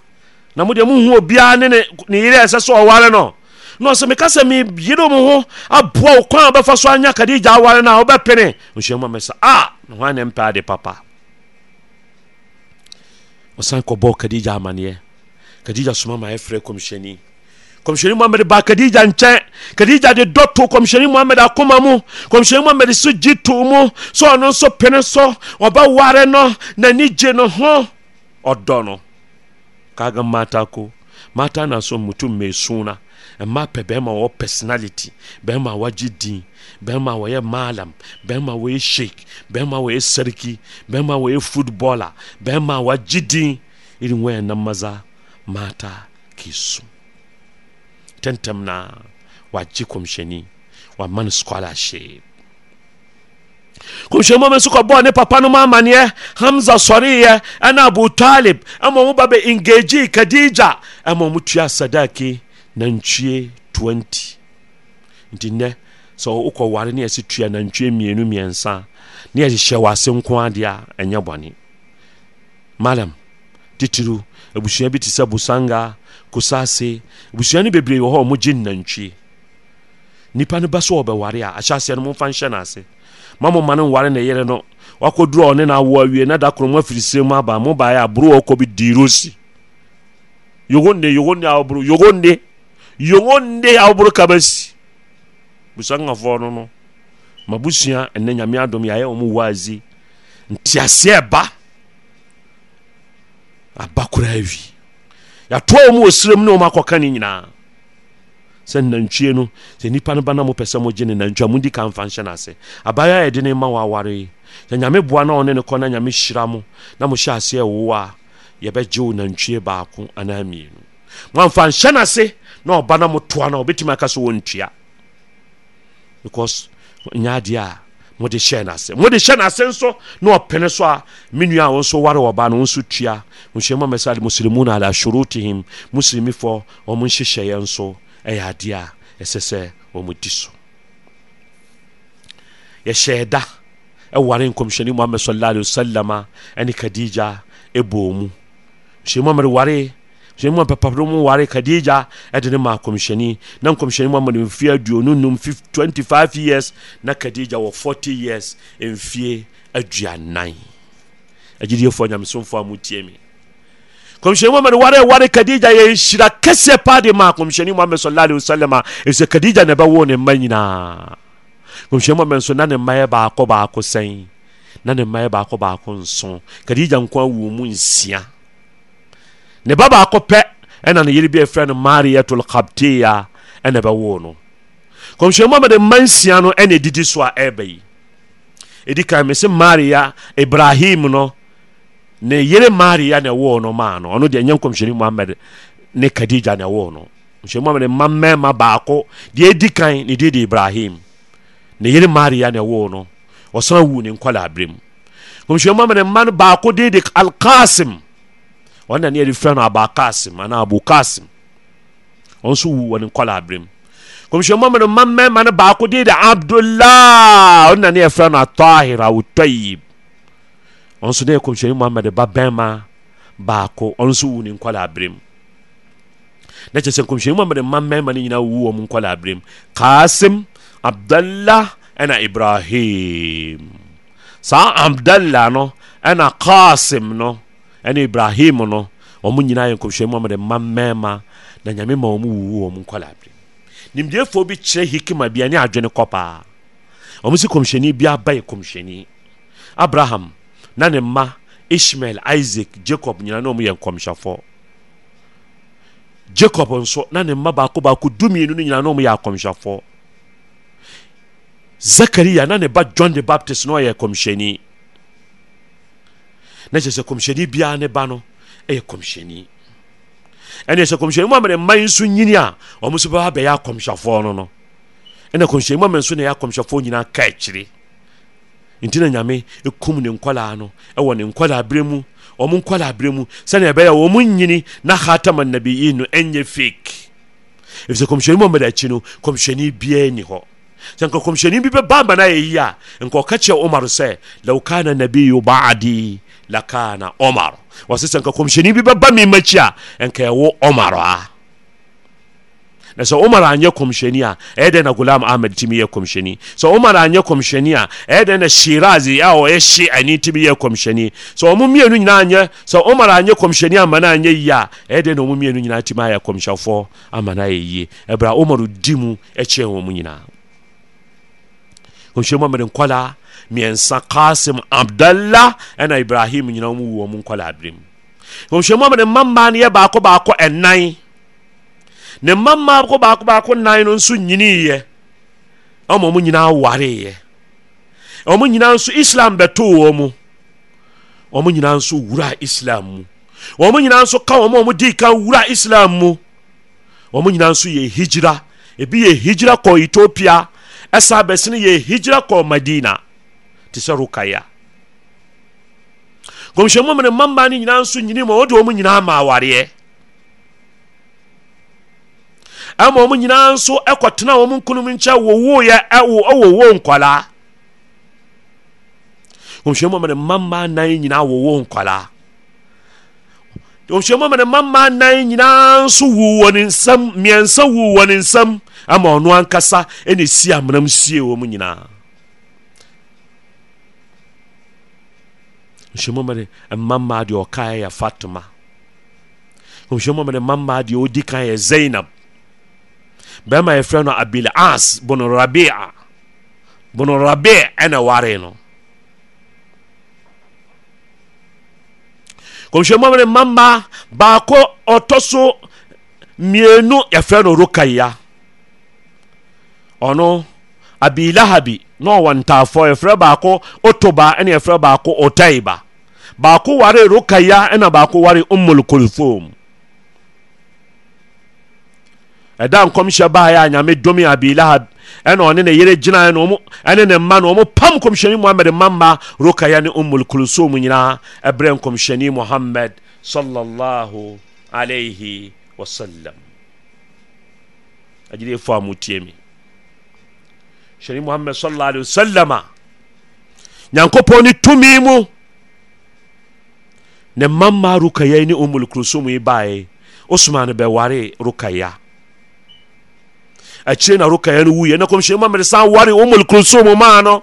na modeɛ mohu obiaa ne ne yere a ɛsɛ sɛ ɔware no na ɔsɛ meka sɛ meyere mo ho aboa wo kwan a wobɛfa so anya kadija aware no a wobɛpene nhyiamu amɛ sɛ ah na ho anɛ mpɛ ade papa ɔsan kɔbɔɔ kadija amanneɛ kadija soma ma ɛfrɛ kɔmhyɛni kɔmhyɛni muhammed baa kadija nkyɛn kadija de dɔ to kɔmhyɛni muhammed akoma mu kɔmhyɛni muhammed so gye to mu sɛ ɔno nso pene so ɔbɛware no n'ani gye no ho ɔdɔ no kaga mata ko mata na so mutum mai suna mma pɛ bɛrima wɔ personality bɛrima wagye din bɛrima wɔyɛ malam bɛrima wɔyɛ sheik bɛrima wɔyɛ sarki bɛrima wɔyɛ footballer bɛrima wagye din irin wayannan maza mata ke tantamna waji kɔmhyɛni wama no scholarship komishɛni mɔmɛ nso kɔbɔɔ ne papa no m amanneɛ hamsa sɔreeɛ ɛna abu talib ɛmɔ mu ba bɛ engeji kadija ɛmɔ mu tua sadaki nantwie 20 nti nnɛ sɛ wokɔ ware ne yɛse tua nantwie mmienu mmiɛnsa ne yɛhyehyɛ wɔ ase nko adeɛ a ɛnyɛ bɔne malam titiru abusua bi te sɛ bosanga kosase abusua no bebree wɔ hɔ a ɔmogye nnantwie nipa no bɛ so ɔbɛware a ahyɛ aseɛ no momfa nhyɛ no ase ma moma no nware ne yere no wakɔduru ɔne no awo awie na da koro mu afiri sire mu aba mo baeɛ aboro wɔkɔ bi dirosi yogonde yogonde awoboro yogonde yogonde awoboro kabasi busangafoɔ no no mabusua ɛnɛ nyame adom yɛayɛ ɔmo waazi nteaseɛ ɛba aba koraa wi yɛatoa wɔ mu wɔ serem ne wɔm akɔka ne nyinaa sɛ nantwie no sɛ nnipa no ba na mopɛ sɛ mogye ne nantwi a modi ka mfa nhyɛ no ase abayɛ a yɛde ne ma wɔ sɛ nyame boa na ɔne ne kɔ na nyame hyira mo na mohyɛ aseɛ ɛwo a yɛbɛgye wo nantwie baako anaa mmienu moamfa nhyɛ no ase na ɔba na motoa no a wɔbɛtumi aka sɛ wɔntua because nyɛ adeɛ a mode hyɛ n'ase mode hyɛ n'ase nso na ɔpene so a me nua a wo nso ware ɔba no wo nso tua nhyiamu amɛsɛ ade muslimuna ala shurutihim muslimifoɔ ɔmo nhyehyɛeɛ nso ɛyɛ adeɛ a ɛsɛ sɛ ɔmo di so yɛhyɛɛ da ɛware nkɔmhyɛne muhammad sallallahu alaihi wasallam ɛne kadija ɛbɔɔ mu nhyiamu amɛre ware sɛni mu a papadɔ mu ware kadija ɛde ne maa kɔmhyɛni na nkɔmhyɛni mu ama no mfie aduonu num 25 years na kadija wɔ 40 years mfie aduanan agyidiefoɔ nyamesomfoɔ a motie me kɔmhyɛni muhammad ware ware kadija yɛ nhyira kɛseɛ paa de ma kɔmhyɛni muhammad sallallahu alaihi wasallam a ɛsɛ kadija na ɛbɛwo ne mma nyinaa kɔmhyɛni muhammad nso na ne mma yɛ baako baako sɛn na ne mma yɛ baako baako nson kadija nko awu mu nsia ne ba baako pɛ ɛna ne yere bi afira no mariatul kabtea ɛna ɛbɛwoo no kɔmhyɛn muhammad mma nsia no ɛna ɛdidi so a ɛreba yi ɛdi kan me sɛ maria ibrahim no ne yere maria na ɛwoo no maa no ɔno deɛ nyɛ nkɔmhyɛni muhammad ne kadija na ɛwoo no kɔmhyɛn muhammad mma mmarima baako deɛ ɛdi kan ne deɛ de ibrahim ne yere maria na ɛwoo no wɔsan wu ne nkɔla abirem kɔmhyɛn muhammad mma no baako deɛ de alkasim ɔno ne yɛde frɛ no abakasim anaa abokasim ɔno nso wu wɔ ne nkɔla aberɛ mu kɔmhyɛn mu no ma mmarima no baako de da abdullah ɔno na ne yɛfrɛ no atahir awotɔyib ɔno nso ne yɛ kɔmhyɛn muhammad ba bɛrima baako ɔno nso wu ne nkɔla aberɛ mu na kyerɛ sɛ kɔmhyɛn muhammad ma mmarima no nyinaa wu wɔn nkɔla aberɛ mu abdullah ɛna ibrahim saa abdullah no ɛna kasim no ɛne ibrahim no wɔn nyinaa yɛ nkɔmhyɛmu ama de mma mmarima na nyame ma wɔn wuwu wɔn nkɔlaa bi nimdeefoɔ bi kyerɛ hikima bi ne adwene kɔ paa wɔn si kɔmhyɛni bi aba yɛ kɔmhyɛni abraham na ne mma ishmael isaac jacob nyinaa na wɔn yɛ nkɔmhyɛfoɔ jacob nso na ne mma baako baako du mmienu no nyinaa na wɔn yɛ akɔmhyɛfoɔ zakaria na ne ba john the baptist na ɔyɛ kɔmhyɛni. na kyerɛ sɛ kɔmhyɛni biara ne ba no ɛyɛ kɔmhyɛni ɛne sɛ kɔmhyɛni mu amene mma nso nyini a ɔmo so bɛwa bɛyɛ akɔmhyɛfoɔ no no ɛna kɔmhyɛni mu amene nso na ɛyɛ akɔmhyɛfoɔ nyinaa ka akyire nti na nyame ɛkum ne nkɔlaa no ɛwɔ ne nkɔlaa berɛ mu ɔmo nkɔlaa berɛ mu sɛnea ɛbɛyɛ wɔ mo nyini na hatama nabiyin no ɛnyɛ fake ɛfisɛ kɔmhyɛni mu amene akyi no kɔmhyɛni biara ni hɔ sɛ nka kɔmhyɛni bi bɛba ama no ayɛyi a nka ɔka kyerɛ omar sɛ law kana nabiyu baadi lakana omar wɔse sɛ nka kɔmhyɛni bi bɛba me makyi a ɛnka ɛwo omar a ah. na sɛ omar anyɛ kɔmhyɛni a ah. ɛyɛ dɛn na gulam ahmed tumi yɛ kɔmhyɛni sɛ omar anyɛ kɔmhyɛni a ah. ɛyɛ dɛn na shirazi a ɔyɛ hye ani tumi yɛ kɔmhyɛni sɛ ɔmo mmienu nyinaa anyɛ sɛ omar anyɛ kɔmhyɛni ama no anyɛ yie a ɛyɛ dɛn na ɔmo mmienu nyinaa tumi ayɛ kɔmhyɛfoɔ ama no ayɛ yie ɛberɛ a omar di mu ɛkyɛn wɔn mu nyinaa kɔmhyɛni mu amede nkɔlaa mmiɛnsa kasim abdallah ɛna ibrahim nyinaa mu wɔ mu nkɔla abiri mu kɔmhyɛmu ama ne mmammaa no yɛ baako baako ɛnan ne mmammaa baako baako baako nan no nso nyiniiɛ ɔma ɔmo nyinaa wareeɛ ɔmo nyinaa nso islam bɛtoo wɔ mu ɔmo nyinaa nso wura islam mu ɔmo nyinaa nso ka wɔn a ɔmo dii kan wura islam mu ɔmo nyinaa nso yɛ hijira ebi yɛ hijira kɔ ethiopia ɛsan abɛsini yɛ hijira kɔ madina te sɛ rokaya gomhyɛmu mene mama no nyinaa nso nyini ma wode ɔmu nyinaa ma awareɛ ama ɔmu nyinaa nso ɛkɔtena ɔmu nkonom nkyɛ wɔwoyɛ ɛwɔwo nkwalaa gomhyɛmu mene mama nan nyinaa wɔwo nkwalaa ɔhyɛmu mene mamba nan nyinaa nso wu wɔ ne nsam mmiɛnsa wu wɔ ne nsam ama ɔno ankasa ɛne si amenam sie wɔ mu nyinaa nhyɛmmɔmɛde mmammaa deɛ ɔkaeɛ yɛ fatoma nhyɛmmɔmɛde mmammaa deɛ ɔdi kan yɛ zainab bɛrima yɛfrɛ no abil as bono rabia bono rabia ɛna ware no kɔmhyɛmmɔmɛde mmammaa baako ɔtɔ so mmienu yɛfrɛ no rokaya ɔno abi lahabi na ɔwɔ ntaafoɔ yɛfrɛ baako otoba ɛne yɛfrɛ baako otaiba baako ware rukaya ɛna baako ware ummul kulthum ɛda nkɔmhyɛ baeɛ a domi abi abilahab ɛna ɔne ne yere gyinaɛ no ɛne ne mma no ɔmo pam kɔmhyɛni muhammed mamma rukaya ne ummul kulthum nyinaa ɛberɛ nkɔmhyɛni muhammed sallallahu alayhi wasallam agyidefoɔ a motie hyɛne muhammad sallallahu alaihi wasallam a nyankopɔn ne tumi mu ne mamma rukaya ne umul kulsum yi bae usman bɛware rukaya akyire na rukaya no wuiɛ na kɔmhyɛne muhammad san ware umul kulsum maa no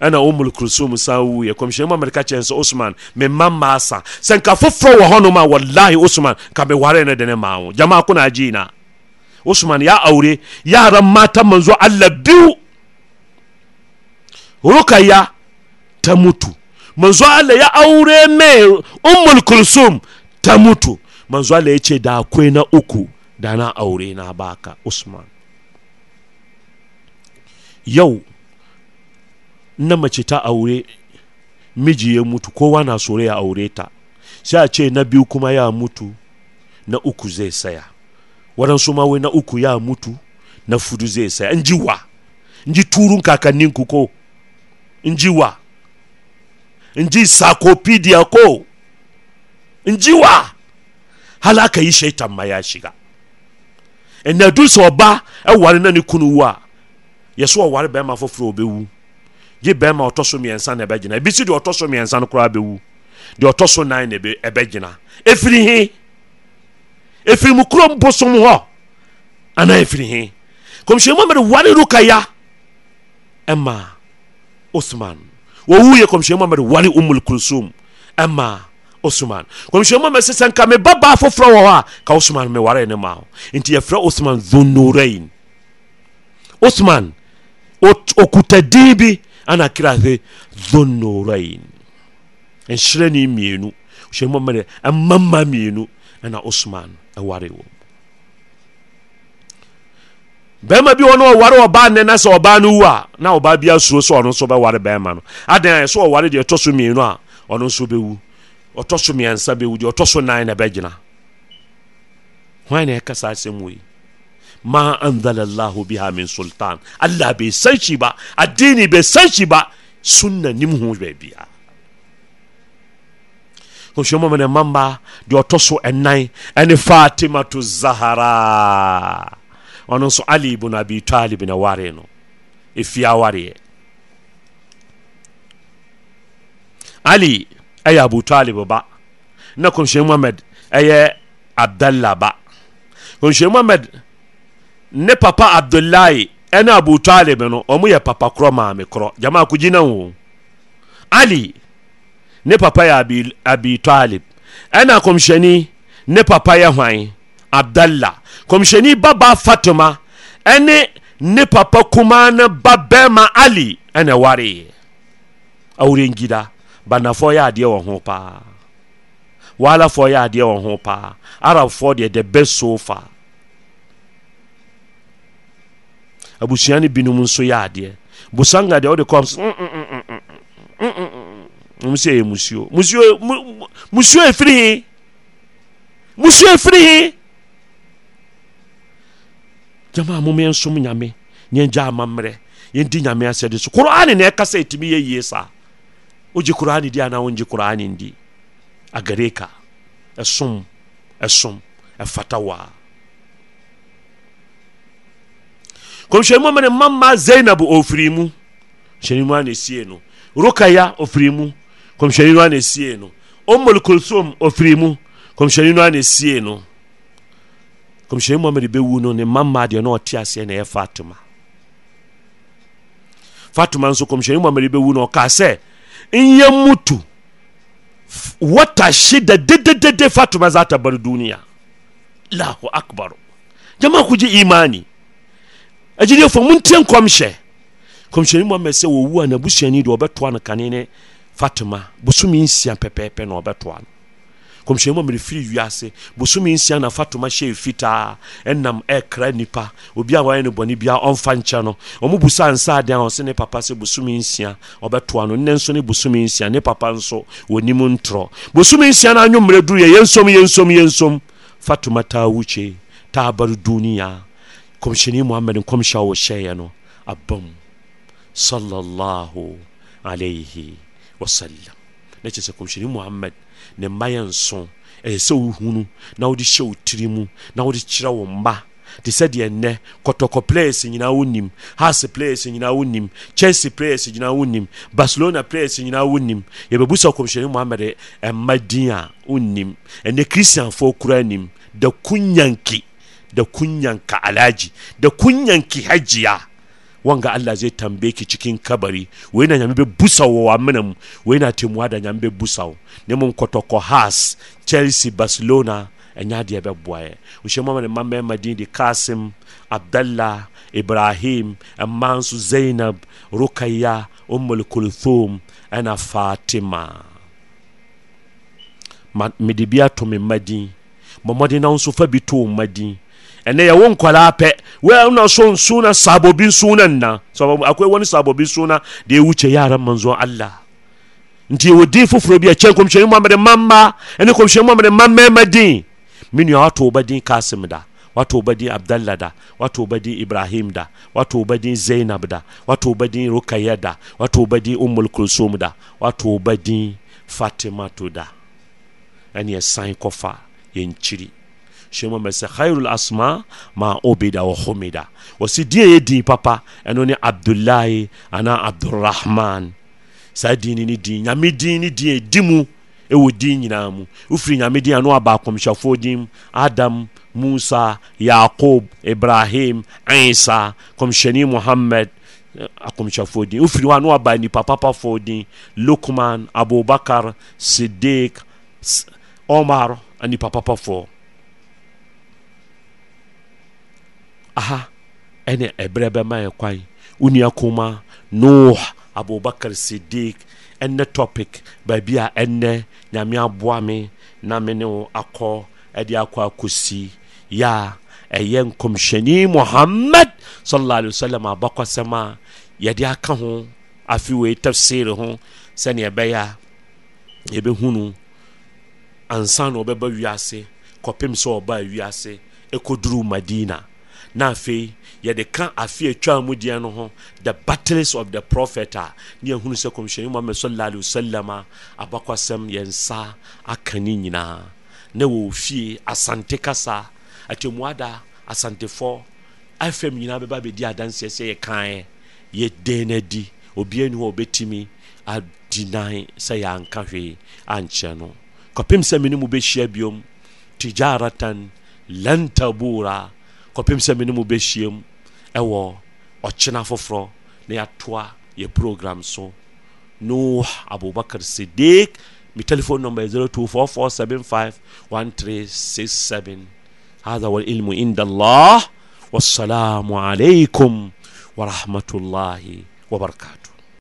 ɛna umul kulsum san wuiɛ kɔmhyɛne muhammad ka kyerɛ sɛ usman me mamma asa sɛ nka foforɔ wɔ hɔnom wallahi usman ka meware ne de ne maa wo gyamaa na usman ya aure yaran matan manzo allah biyu rukaya ta mutu manzo allah ya aure mai ummul kulsum ta mutu manzo allah ya ce da akwai na uku da na aure na baka usman yau na mace ta aure miji ya mutu kowa na sore ya aure ta sai a ce na biyu kuma ya mutu na uku zai saya waɗansu ma na uku ya mutu na fudu zai nji in ji wa in ji turun kakanninku ko in ji wa ko in ji wa halaka yi shaitan ma ya shiga ɛnna du sɛ ɔba ɛware na ne kunu wu a yɛsɛ ɔware bɛrima foforɔ ɔbɛwu gye bɛrima ɔtɔ so mmiɛnsa na ɛbɛgyina ebi si deɛ ɔtɔ so mmiɛnsa no koraa bɛwu deɛ ɔtɔ so nan na ɛbɛgyina efiri he ɛfiri mu kurom bosom hɔ anaa ɛfiri he kɔmhyɛni muhammad ware rukaya ɛma osman wɔwuiɛ kɔmhyɛni muhammad ware umul kulsum ɛma osman kɔmhyɛni muhammad sɛ sɛ nka me babaa foforɔ wɔ hɔ ka osman meware ne ma ho enti yɛfrɛ osman dhunurain osman ɔkuta din bi ana kira sɛ dhunurain nhyerɛ mienu mmienu hyɛni muhammad ɛmama mienu ɛna osman ɛware wɔ bɛrima bi wɔ no ɔware ɔbaa nnɛ na sɛ ɔbaa no wu a na ɔbaa bi asuro sɛ ɔno nso bɛware bɛrima no adan ɛsɛ ɔware deɛ ɛtɔ so mmienu a ɔno nso bɛwu ɔtɔ so mmiɛnsa bɛwu deɛ ɔtɔ so nan na ɛbɛgyina hwan na ɛka saa asɛm wei ma anzalallahu biha min sultan allah bai san shi ba addini bai ba sunna nim hu baabiaa kɔhyiamu ne mamba deɛ ɔtɔ so ɛnan ɛne fatimato zahara ɔno nso ali ibn abi talib na ware no ɛfie awareɛ ali ɛyɛ abu talib ba na kɔmhyɛn muhammad ɛyɛ abdalla ba kɔmhyɛn muhammad ne papa abdullahi ɛne abu talib no ɔmo yɛ papa korɔ maame korɔ gyamaa kogyi wo ali ne papa yɛ abi talib ɛna kɔmhyɛni ne papa yɛ hwan abdalla kɔmhyɛni baba fatoma ɛne ne papa kuma ne ba bɛrima ali ɛna wareeɛ awurengida banafoɔ yɛ adeɛ wɔ ho paa waalafoɔ yɛ adeɛ wɔ ho paa arabfoɔ deɛ the best so far abusua no binom nso yɛ adeɛ busanga deɛ wode kɔm wɔn sɛ ɛyɛ musuo musuo mu musuo efiri hin musuo efiri hin jama mo mi nyame yɛn gya ama mmerɛ yɛn di nyame asɛde so koraani na ɛkasa etimi yɛ yie saa ogye koraani di anaa ogye koraani di agareka ɛsom ɛsom ɛfata waa kɔmhyɛnmu mene mama Zainabu ofiri mu hyɛnmu a na esie no rukaya ofiri mu kɔmhyɛni no ana ɛsiee no ɔmmɔl kolsom ɔfiri mu kɔmhyɛni no ana ɛsiee no kɔmhyɛni muhammad bɛwu no ne mama deɛ na ɔte aseɛ na ɛyɛ fatoma fatoma nso kɔmhyɛni muhammad bɛwu no ɔkaa sɛ nyɛ mutu wata shida dededede fatoma za ta bar duniya lahu akbar jama'a kogye imani a montie nkɔmhyɛ mun tiyan kwamshe kwamshani muhammad sai deɛ ɔbɛtoa no kane ne Fatuma, bosome nsia pɛpɛɛpɛ na ɔbɛtoa no kɔmhyɛni mu mmerɛfiri wiase bosome nsia na Fatuma hyɛ fitaa ɛnam ɛkra nipa. obi a wayɛ no bɔne bia ɔmfa nkyɛ no ɔmo busa ansa aden a ɔse ne papa sɛ bosome nsia ɔbɛtoa no nnɛ nso ne bosome nsia ne papa nso wɔnim ntorɔ bosome nsia no anwommerɛ duruyɛ yɛnsom yɛnsom yɛnsom Fatuma taa wukye taa bare duniya kɔmhyɛni muhammad nkɔmhyɛ a wɔhyɛeɛ no abam sallallahu alaihi wasallam na kyerɛ sɛ kɔmhyɛni muhammad ne mma yɛ nso ɛyɛ sɛ wohunu na wode hyɛ wo tiri mu na wode kyerɛ wo mma te sɛ deɛ nnɛ kɔtɔkɔ players nyinaa wonim hase players nyinaa wonim chelsea players nyinaa wonim barcelona players nyinaa wonim yɛbɛbu sɛ kɔmhyɛni muhammad ɛma din a wonim ɛnɛ kristianfoɔ kora nim da kunyanki da kunyanka alaji da kunyanki hajiya wanga allah zai tambaye ki cikin kabari wai na nyambe busa wa mu wai na temuwa da nyambe busawo ne mun kotoko has chelsea barcelona ɛnya deɛ bɛboaɛ wohyɛ mu ama ne mma mmarima din de kasim abdallah ibrahim ɛma zainab rukayya ummul kulthum ana fatima ma, bi to me mma din mmɔmmɔden na nso fa bi to wo ɛnɛ yɛwo nkwalaa pɛ wɛna so nsuna sabobi nsuna na nna akwai wani sabobi nsuna deɛ ɛwu kyɛ wuce yaran manzo Allah nti yɛwɔ din foforɔ bi ɛkyɛn kɔmhyɛni muhammed mamma ɛne kɔmhyɛni muhammed mammɛma din me nua wato woba din kasim da wato woba din abdallah da wato woba din ibrahim da wato woba din zainab da wato woba din rukaya da wato woba din umul kulsum da wato woba din fatima da ɛne yɛsan kɔfa yɛnkyiri hyɛmu mɛsɛ khairul asma ma obida wɔ homida wɔsi din yɛ din papa ɛno ne abdullahi anaa abdurrahman saa din ne din nyame din ne din ɛdi mu ɛwɔ e din nyinaa mu wofiri nyame din ano aba akɔmhyɛfoɔ din adam musa yakob ibrahim isa kɔmhyɛni muhammad eh, akɔmhyɛfoɔ din wofiri hɔ ano aba nipa papafoɔ din lukman abubakar sidik omar nipa papafoɔ aha ɛne ɛberɛ bɛma yɛ kwan wo nua kuma noh abubakar sidik ɛnɛ topic baabi a ɛnɛ nyame aboa me na me ne wo akɔ ɛde akɔ akɔsi ya ɛyɛ nkɔmhyɛni muhammad sallallahu alaihi wasallam abakɔsɛm a yɛde aka ho afi wei tafsir ho sɛneɛ ɛbɛyɛ a yɛbɛhu no ansa na ɔbɛba wiase kɔpem sɛ ɔbaa wiase ɛkɔduru madina na afei yɛde ka afe atwa mu deɛ no ho the battles of the prophet a ne yɛhunu sɛ kɔmhyɛni mohamad sala alaihi wasalam a abakɔsɛm yɛnsa aka ne nyinaa na wɔ fie asante kasa atemmuada asantefɔ afm nyinaa bɛba bɛdi adanseɛ sɛ yɛkaɛ yɛdɛn no adi obia ni hɔ ɔbɛtumi nan sɛ yɛanka hwee ankyɛ no kɔpem sɛ mene mu bɛhyia biom tijaratan lantabura kɔpem sɛ me ne mu bɛhyiam ɛwɔ ɔkyena foforɔ na yɛatoa yɛ program so noh abubakar sidik me telephone number 024475 hatha walilmu inda llah wassalamu alaikum warahmatullahi wabarakatu